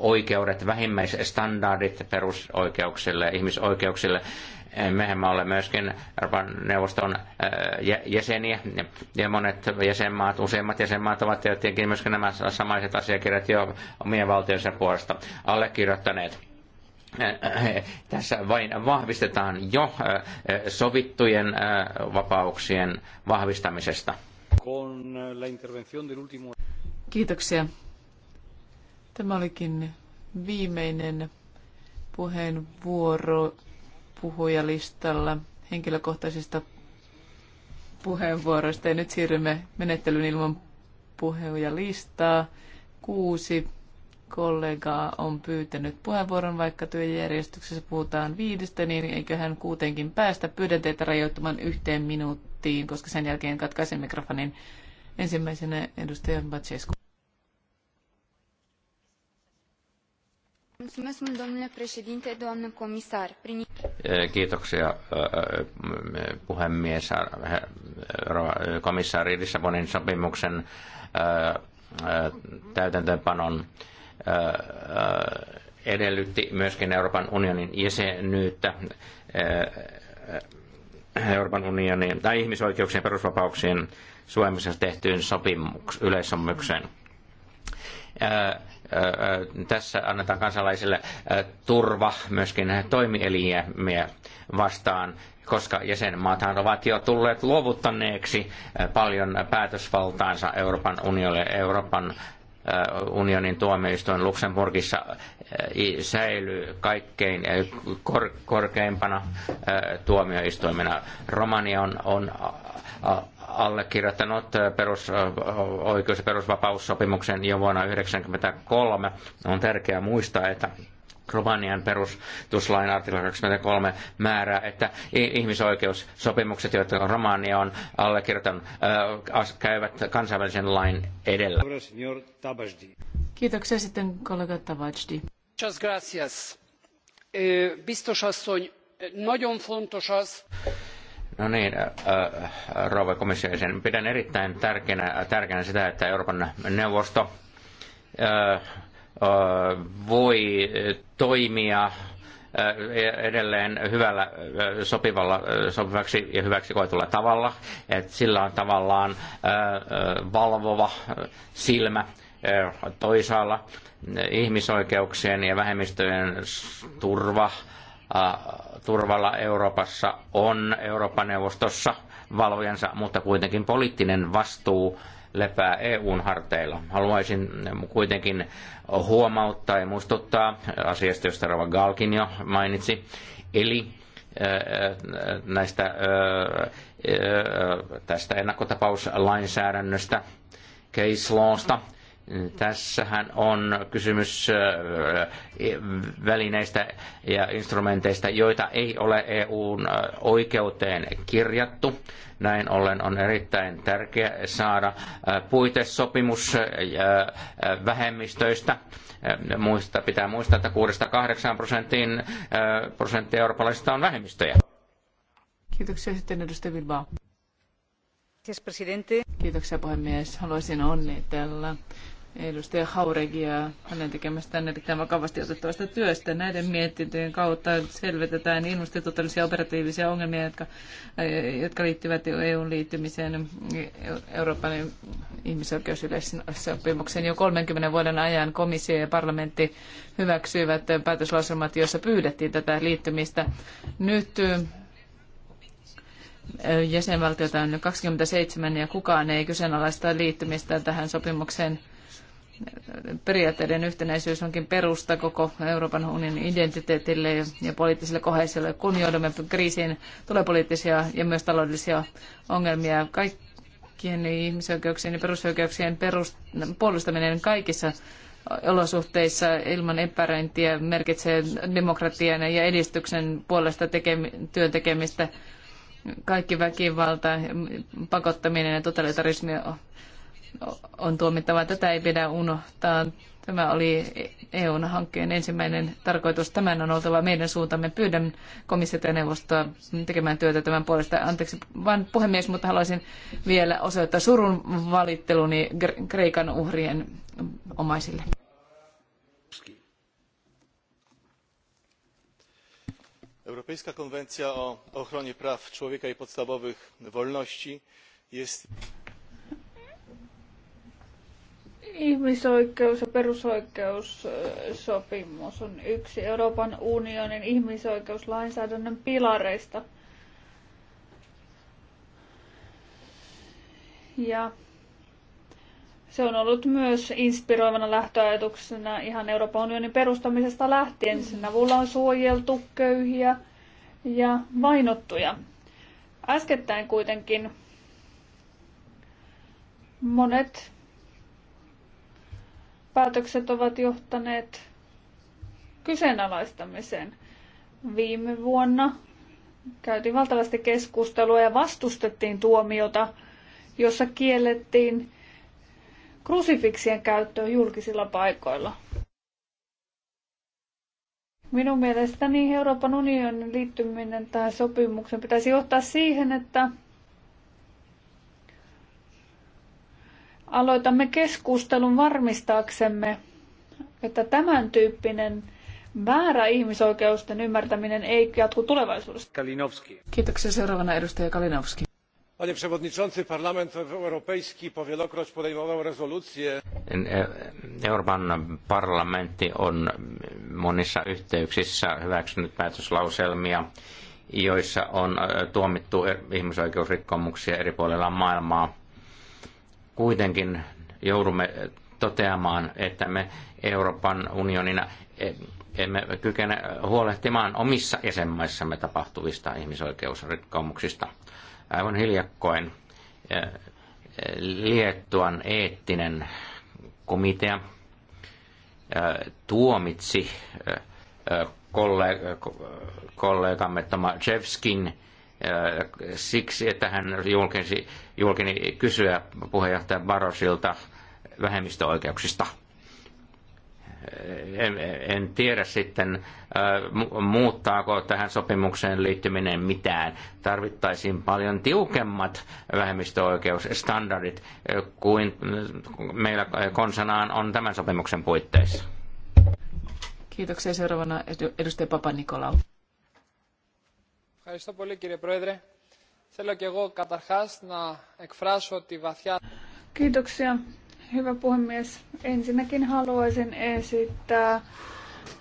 oikeudet, vähimmäisstandardit perusoikeuksille, ihmisoikeuksille, mehän me olemme myöskin Euroopan neuvoston äh, jäseniä ja monet jäsenmaat, useimmat jäsenmaat ovat tietenkin myöskin nämä samaiset asiakirjat jo omien valtionsa puolesta allekirjoittaneet äh, tässä vain vahvistetaan jo äh, sovittujen vapauksien vahvistamisesta. Kiitoksia. Tämä olikin viimeinen puheenvuoro puhujalistalla henkilökohtaisista puheenvuoroista. Ja nyt siirrymme menettelyn ilman puhujalistaa. Kuusi kollegaa on pyytänyt puheenvuoron, vaikka työjärjestyksessä puhutaan viidestä, niin eiköhän kuitenkin päästä. Pyydän teitä rajoittumaan yhteen minuuttiin, koska sen jälkeen katkaisen mikrofonin ensimmäisenä edustaja Batsescu. Eh, kiitoksia eh, eh, puhemies. Komissaari Lissabonin sopimuksen täytäntöönpanon edellytti myöskin Euroopan unionin jäsenyyttä Euroopan unionin tai ihmisoikeuksien ja perusvapauksien suojelmisessa tehtyyn sopimuksen yleissopimukseen. Ää, tässä annetaan kansalaisille turva myöskin toimielimiä vastaan, koska jäsenmaathan ovat jo tulleet luovuttaneeksi paljon päätösvaltaansa Euroopan unionille, Euroopan unionin tuomioistuin Luxemburgissa säilyy kaikkein korkeimpana tuomioistuimena. Romania on, on allekirjoittanut perusoikeus- ja perusvapaussopimuksen jo vuonna 1993. On tärkeää muistaa, että Romanian perustuslain artikla 23 määrää, että ihmisoikeussopimukset, joita Romania on allekirjoittanut, käyvät kansainvälisen lain edellä. Kiitoksia sitten kollega Tabajdi. Kiitos. gracias. Eh, Biztos asszony, nagyon fontos az... No niin, rouva komission jäsen, pidän erittäin tärkeänä, tärkeänä sitä, että Euroopan neuvosto voi toimia edelleen hyvällä, sopivalla, sopivaksi ja hyväksi koetulla tavalla. Et sillä on tavallaan valvova silmä toisaalla ihmisoikeuksien ja vähemmistöjen turva turvalla Euroopassa on Euroopan neuvostossa valvojansa, mutta kuitenkin poliittinen vastuu lepää EUn harteilla. Haluaisin kuitenkin huomauttaa ja muistuttaa asiasta, josta Rova Galkin jo mainitsi, eli näistä tästä ennakkotapauslainsäädännöstä, case lawsta, Tässähän on kysymys e, välineistä ja instrumenteista, joita ei ole EUn oikeuteen kirjattu. Näin ollen on erittäin tärkeää saada puitesopimus vähemmistöistä. Muista, pitää muistaa, että 6-8 prosenttiin prosenttia eurooppalaisista on vähemmistöjä. Kiitoksia sitten edustaja Bilbao. Kiitoksia puhemies. Haluaisin onnitella edustaja Hauregia hänen tekemästään erittäin vakavasti otettavasta työstä. Näiden mietintöjen kautta selvitetään instituutiollisia operatiivisia ongelmia, jotka, jotka liittyvät EUn liittymiseen Euroopan ihmisoikeusyleissopimukseen. Jo 30 vuoden ajan komissio ja parlamentti hyväksyivät päätöslauselmat, joissa pyydettiin tätä liittymistä. Nyt jäsenvaltiota on jo 27 ja kukaan ei kyseenalaista liittymistä tähän sopimukseen – periaatteiden yhtenäisyys onkin perusta koko Euroopan unionin identiteetille ja poliittiselle kohesiolle. Kun joudumme kriisiin, tulee poliittisia ja myös taloudellisia ongelmia. Kaikkien ihmisoikeuksien ja perusoikeuksien perust- puolustaminen kaikissa olosuhteissa ilman epäröintiä merkitsee demokratian ja edistyksen puolesta tekemi- työn tekemistä. Kaikki väkivalta, pakottaminen ja totalitarismi on tuomittava. Tätä ei pidä unohtaa. Tämä oli EUn hankkeen ensimmäinen tarkoitus. Tämän on oltava meidän suuntamme. Pyydän komissiota ja neuvostoa tekemään työtä tämän puolesta. Anteeksi vain puhemies, mutta haluaisin vielä osoittaa surun valitteluni Kreikan uhrien omaisille. europejska konwencja o ochronie praw człowieka i podstawowych wolności jest Ihmisoikeus- ja perusoikeussopimus on yksi Euroopan unionin ihmisoikeuslainsäädännön pilareista. Ja se on ollut myös inspiroivana lähtöajatuksena ihan Euroopan unionin perustamisesta lähtien. Sen avulla on suojeltu köyhiä ja vainottuja. Äskettäin kuitenkin monet päätökset ovat johtaneet kyseenalaistamiseen. Viime vuonna käytiin valtavasti keskustelua ja vastustettiin tuomiota, jossa kiellettiin krusifiksien käyttöä julkisilla paikoilla. Minun mielestäni Euroopan unionin liittyminen tähän sopimukseen pitäisi johtaa siihen, että aloitamme keskustelun varmistaaksemme, että tämän tyyppinen väärä ihmisoikeusten ymmärtäminen ei jatku tulevaisuudessa. Kalinowski. Kiitoksia seuraavana edustaja Kalinowski. Panie przewodniczący, Parlament Europejski po wielokroć podejmował rezolucje. Euroopan parlamentti on monissa yhteyksissä hyväksynyt päätöslauselmia, joissa on e, tuomittu er-, ihmisoikeusrikkomuksia eri puolilla maailmaa kuitenkin joudumme toteamaan, että me Euroopan unionina e, emme kykene huolehtimaan omissa jäsenmaissamme tapahtuvista ihmisoikeusrikkoomuksista. Aivan hiljakkoin e, e, Liettuan eettinen komitea tuomitsi kollegamme Tomaszewskin Äh, siksi, että hän julkisi, julkini kysyä puheenjohtaja Barosilta vähemmistöoikeuksista. Äh, en, en tiedä sitten, äh, muuttaako tähän sopimukseen liittyminen mitään. Tarvittaisiin paljon tiukemmat vähemmistöoikeusstandardit kuin meillä konsanaan on tämän sopimuksen puitteissa. Kiitoksia. Seuraavana edustaja Papa Nikolaus. Ευχαριστώ πολύ κύριε Πρόεδρε. Θέλω και εγώ καταρχάς να εκφράσω τη βαθιά... Kiitoksia, hyvä puhemies. Ensinnäkin haluaisin esittää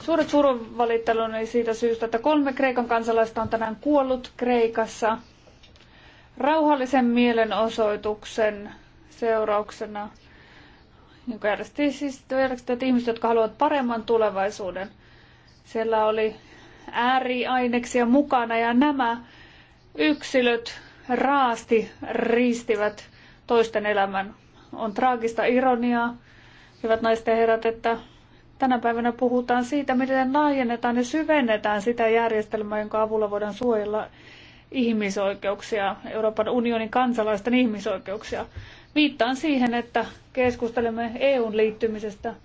suuret surun valitteluni siitä syystä, että kolme Kreikan kansalaista on tänään kuollut Kreikassa rauhallisen mielenosoituksen seurauksena, jonka järjestettiin siis järjestettiin ihmiset, jotka haluavat paremman tulevaisuuden. Siellä oli ääriaineksia mukana ja nämä yksilöt raasti riistivät toisten elämän. On traagista ironiaa, hyvät naiset ja herrat, että tänä päivänä puhutaan siitä, miten laajennetaan ja syvennetään sitä järjestelmää, jonka avulla voidaan suojella ihmisoikeuksia, Euroopan unionin kansalaisten ihmisoikeuksia. Viittaan siihen, että keskustelemme EUn liittymisestä –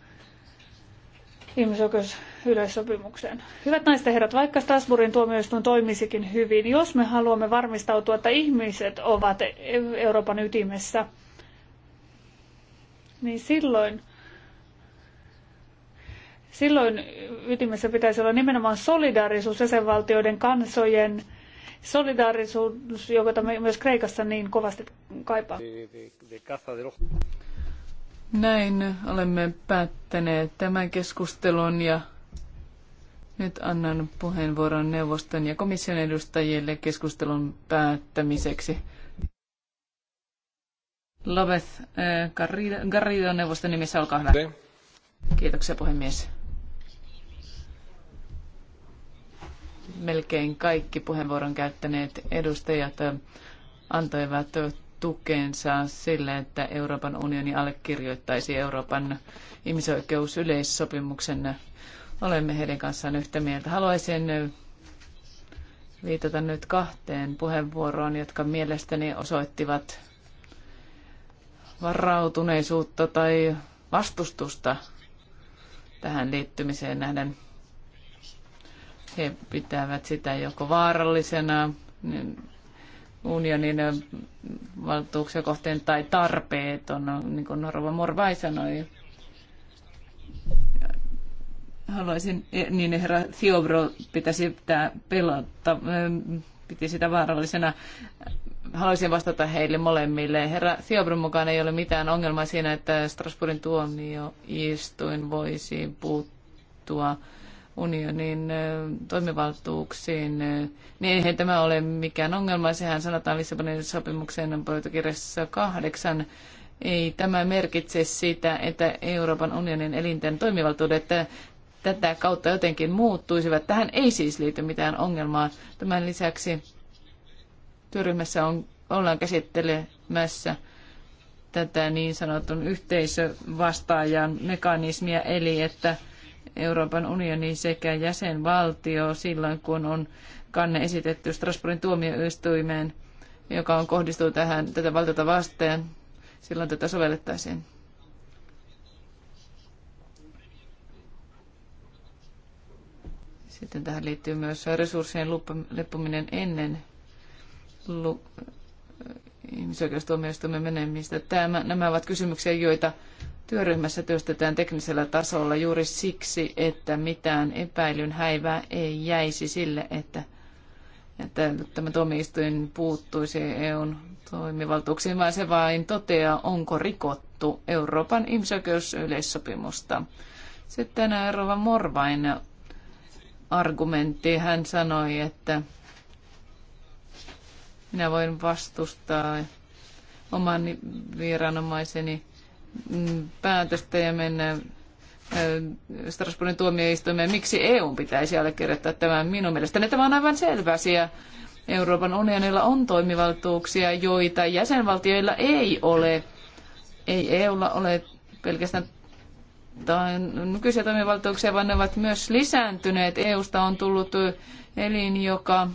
yleissopimukseen. Hyvät naiset ja herrat, vaikka Strasbourgin tuomioistuin toimisikin hyvin, jos me haluamme varmistautua, että ihmiset ovat Euroopan ytimessä, niin silloin silloin ytimessä pitäisi olla nimenomaan solidaarisuus jäsenvaltioiden kansojen, solidaarisuus, jota me myös Kreikassa niin kovasti kaipaa. Näin olemme päättäneet tämän keskustelun ja nyt annan puheenvuoron neuvoston ja komission edustajille keskustelun päättämiseksi. Lopet eh, Garrido neuvoston nimissä, olkaa hyvä. Kiitoksia puhemies. Melkein kaikki puheenvuoron käyttäneet edustajat antoivat tukensa sille, että Euroopan unioni allekirjoittaisi Euroopan ihmisoikeusyleissopimuksen. Olemme heidän kanssaan yhtä mieltä. Haluaisin viitata nyt kahteen puheenvuoroon, jotka mielestäni osoittivat varautuneisuutta tai vastustusta tähän liittymiseen nähden. He pitävät sitä joko vaarallisena, niin unionin valtuuksia kohteen tai tarpeet on no, niin kuin Norva Morvai sanoi. Haluaisin, e, niin herra Thiobro pitäisi pitää pelata, piti sitä vaarallisena. Haluaisin vastata heille molemmille. Herra Thiobron mukaan ei ole mitään ongelmaa siinä, että Strasbourgin tuomioistuin voisi puuttua unionin toimivaltuuksiin, niin eihän tämä ole mikään ongelma. Sehän sanotaan Lissabonin sopimuksen pöytäkirjassa kahdeksan. Ei tämä merkitse sitä, että Euroopan unionin elinten toimivaltuudet tätä kautta jotenkin muuttuisivat. Tähän ei siis liity mitään ongelmaa. Tämän lisäksi työryhmässä on, ollaan käsittelemässä tätä niin sanotun yhteisövastaajan mekanismia, eli että Euroopan unioni sekä jäsenvaltio silloin, kun on kanne esitetty Strasbourgin tuomioistuimeen, joka on kohdistuu tähän, tätä valtiota vastaan. Silloin tätä sovellettaisiin. Sitten tähän liittyy myös resurssien leppuminen ennen lu- ihmisoikeustuomioistuimen menemistä. Tämä, nämä ovat kysymyksiä, joita työryhmässä työstetään teknisellä tasolla juuri siksi, että mitään epäilyn häivää ei jäisi sille, että, että tämä tuomioistuin puuttuisi EUn toimivaltuuksiin, vaan se vain toteaa, onko rikottu Euroopan ihmisoikeusyleissopimusta. Sitten Rova Morvain argumentti, hän sanoi, että minä voin vastustaa oman viranomaiseni Mm, päätöstä ja mennä Strasbourgin tuomioistuimeen, miksi EU pitäisi allekirjoittaa tämän minun mielestäni. Tämä on aivan selvä asia. Euroopan unionilla on toimivaltuuksia, joita jäsenvaltioilla ei ole. Ei EUlla ole pelkästään nykyisiä toimivaltuuksia, vaan ne ovat myös lisääntyneet. EUsta on tullut elin, joka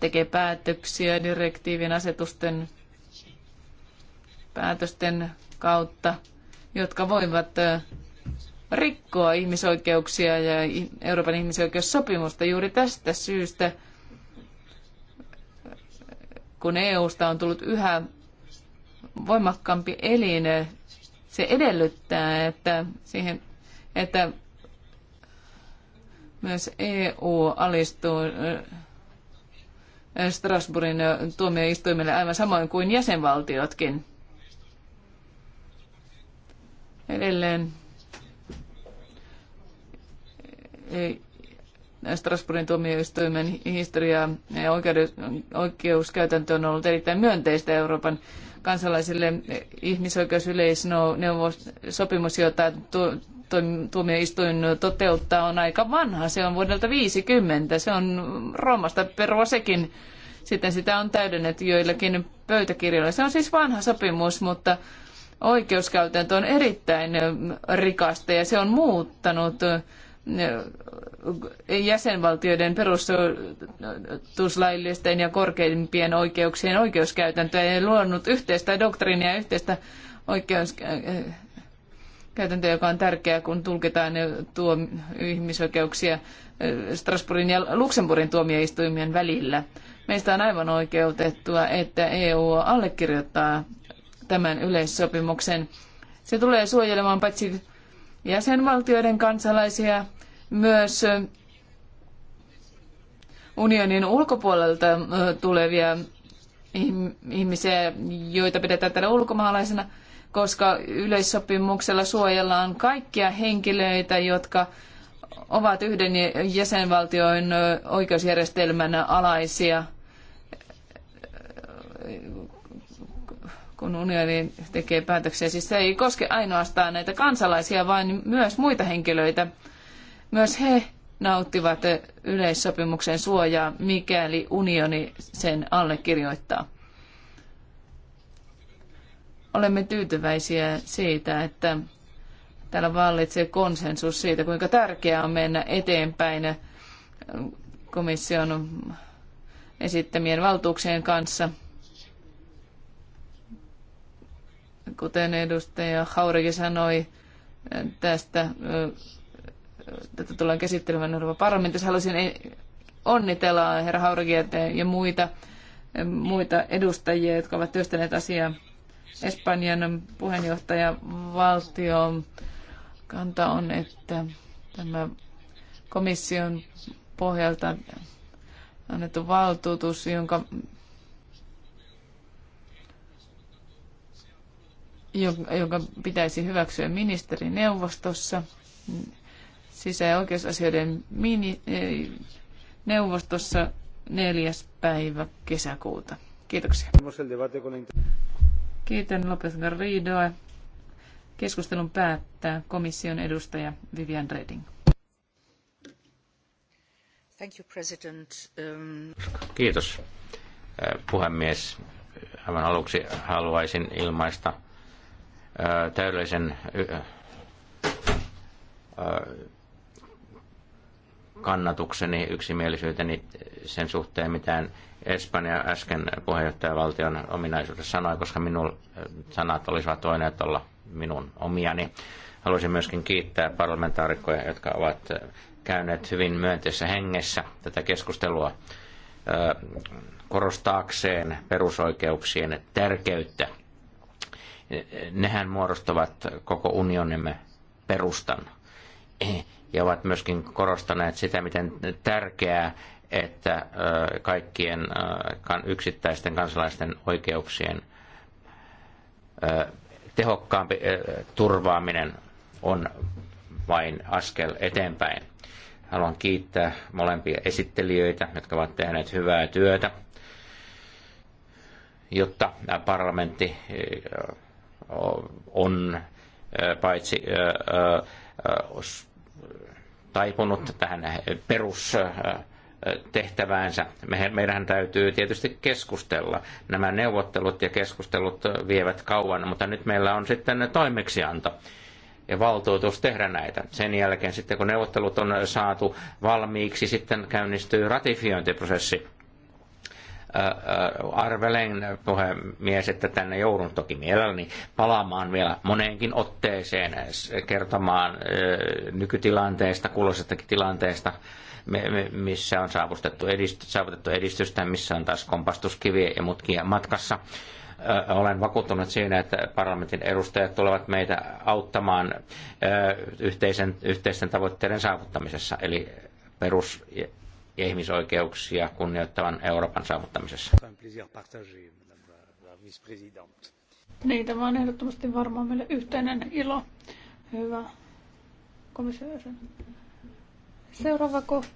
tekee päätöksiä direktiivien asetusten päätösten kautta, jotka voivat rikkoa ihmisoikeuksia ja Euroopan ihmisoikeussopimusta juuri tästä syystä, kun EUsta on tullut yhä voimakkaampi elin, se edellyttää, että, siihen, että myös EU alistuu Strasbourgin tuomioistuimelle aivan samoin kuin jäsenvaltiotkin. Edelleen Strasbourgin tuomioistuimen historia ja oikeuskäytäntö on ollut erittäin myönteistä Euroopan kansalaisille. ihmisoikeusyleisneuvosopimus, jota tuomioistuin toteuttaa, on aika vanha. Se on vuodelta 50. Se on Roomasta perua sekin. Sitten sitä on täydennetty joillakin pöytäkirjoilla. Se on siis vanha sopimus, mutta oikeuskäytäntö on erittäin rikasta ja se on muuttanut jäsenvaltioiden perustuslaillisten ja korkeimpien oikeuksien oikeuskäytäntöä ja luonut yhteistä doktriinia ja yhteistä oikeuskäytäntöä, joka on tärkeää, kun tulkitaan tuo ihmisoikeuksia Strasbourgin ja Luxemburgin tuomioistuimien välillä. Meistä on aivan oikeutettua, että EU allekirjoittaa tämän yleissopimuksen. Se tulee suojelemaan paitsi jäsenvaltioiden kansalaisia, myös unionin ulkopuolelta tulevia ihmisiä, joita pidetään täällä ulkomaalaisena, koska yleissopimuksella suojellaan kaikkia henkilöitä, jotka ovat yhden jäsenvaltion oikeusjärjestelmän alaisia kun unioni tekee päätöksiä. Siis se ei koske ainoastaan näitä kansalaisia, vaan myös muita henkilöitä. Myös he nauttivat yleissopimuksen suojaa, mikäli unioni sen allekirjoittaa. Olemme tyytyväisiä siitä, että täällä vallitsee konsensus siitä, kuinka tärkeää on mennä eteenpäin komission esittämien valtuuksien kanssa – Kuten edustaja Hauregi sanoi, tästä tätä tullaan käsittelemään Euroopan parlamentissa. Haluaisin e, onnitella herra Hauragia ja muita, muita edustajia, jotka ovat työstäneet asiaa. Espanjan puheenjohtaja valtion kanta on, että tämä komission pohjalta annettu valtuutus, jonka joka pitäisi hyväksyä ministerineuvostossa, sisä- ja oikeusasioiden mini- e, neuvostossa neljäs päivä kesäkuuta. Kiitoksia. Kiitän Lopez Garridoa. Keskustelun päättää komission edustaja Vivian Reding. Thank you, President. Um... Kiitos, puhemies. Aivan aluksi haluaisin ilmaista täydellisen kannatukseni, yksimielisyyteni sen suhteen, mitä Espanja äsken puheenjohtajavaltion ominaisuudessa sanoi, koska minun sanat olisivat toineet olla minun omiani. Haluaisin myöskin kiittää parlamentaarikkoja, jotka ovat käyneet hyvin myönteisessä hengessä tätä keskustelua korostaakseen perusoikeuksien tärkeyttä nehän muodostavat koko unionimme perustan. Ja ovat myöskin korostaneet sitä, miten tärkeää, että kaikkien yksittäisten kansalaisten oikeuksien tehokkaampi turvaaminen on vain askel eteenpäin. Haluan kiittää molempia esittelijöitä, jotka ovat tehneet hyvää työtä, jotta parlamentti on paitsi taipunut tähän perustehtäväänsä. Meidän täytyy tietysti keskustella. Nämä neuvottelut ja keskustelut vievät kauan, mutta nyt meillä on sitten toimeksianto ja valtuutus tehdä näitä. Sen jälkeen sitten kun neuvottelut on saatu valmiiksi, sitten käynnistyy ratifiointiprosessi Äh, äh, arvelen, äh, puhemies, että tänne joudun toki mielelläni palaamaan vielä moneenkin otteeseen kertomaan nykytilanteesta, kulloisestakin tilanteesta, missä on saavutettu edistystä, saavutettu edistystä, missä on taas kompastuskiviä ja mutkia matkassa. Olen vakuuttunut siinä, että parlamentin edustajat tulevat meitä auttamaan yhteisen, yhteisten tavoitteiden saavuttamisessa, eli perus- ja ihmisoikeuksia kunnioittavan Euroopan saavuttamisessa. Niin, tämä on ehdottomasti varmaan meille yhteinen ilo. Hyvä komissio. Seuraava kohta.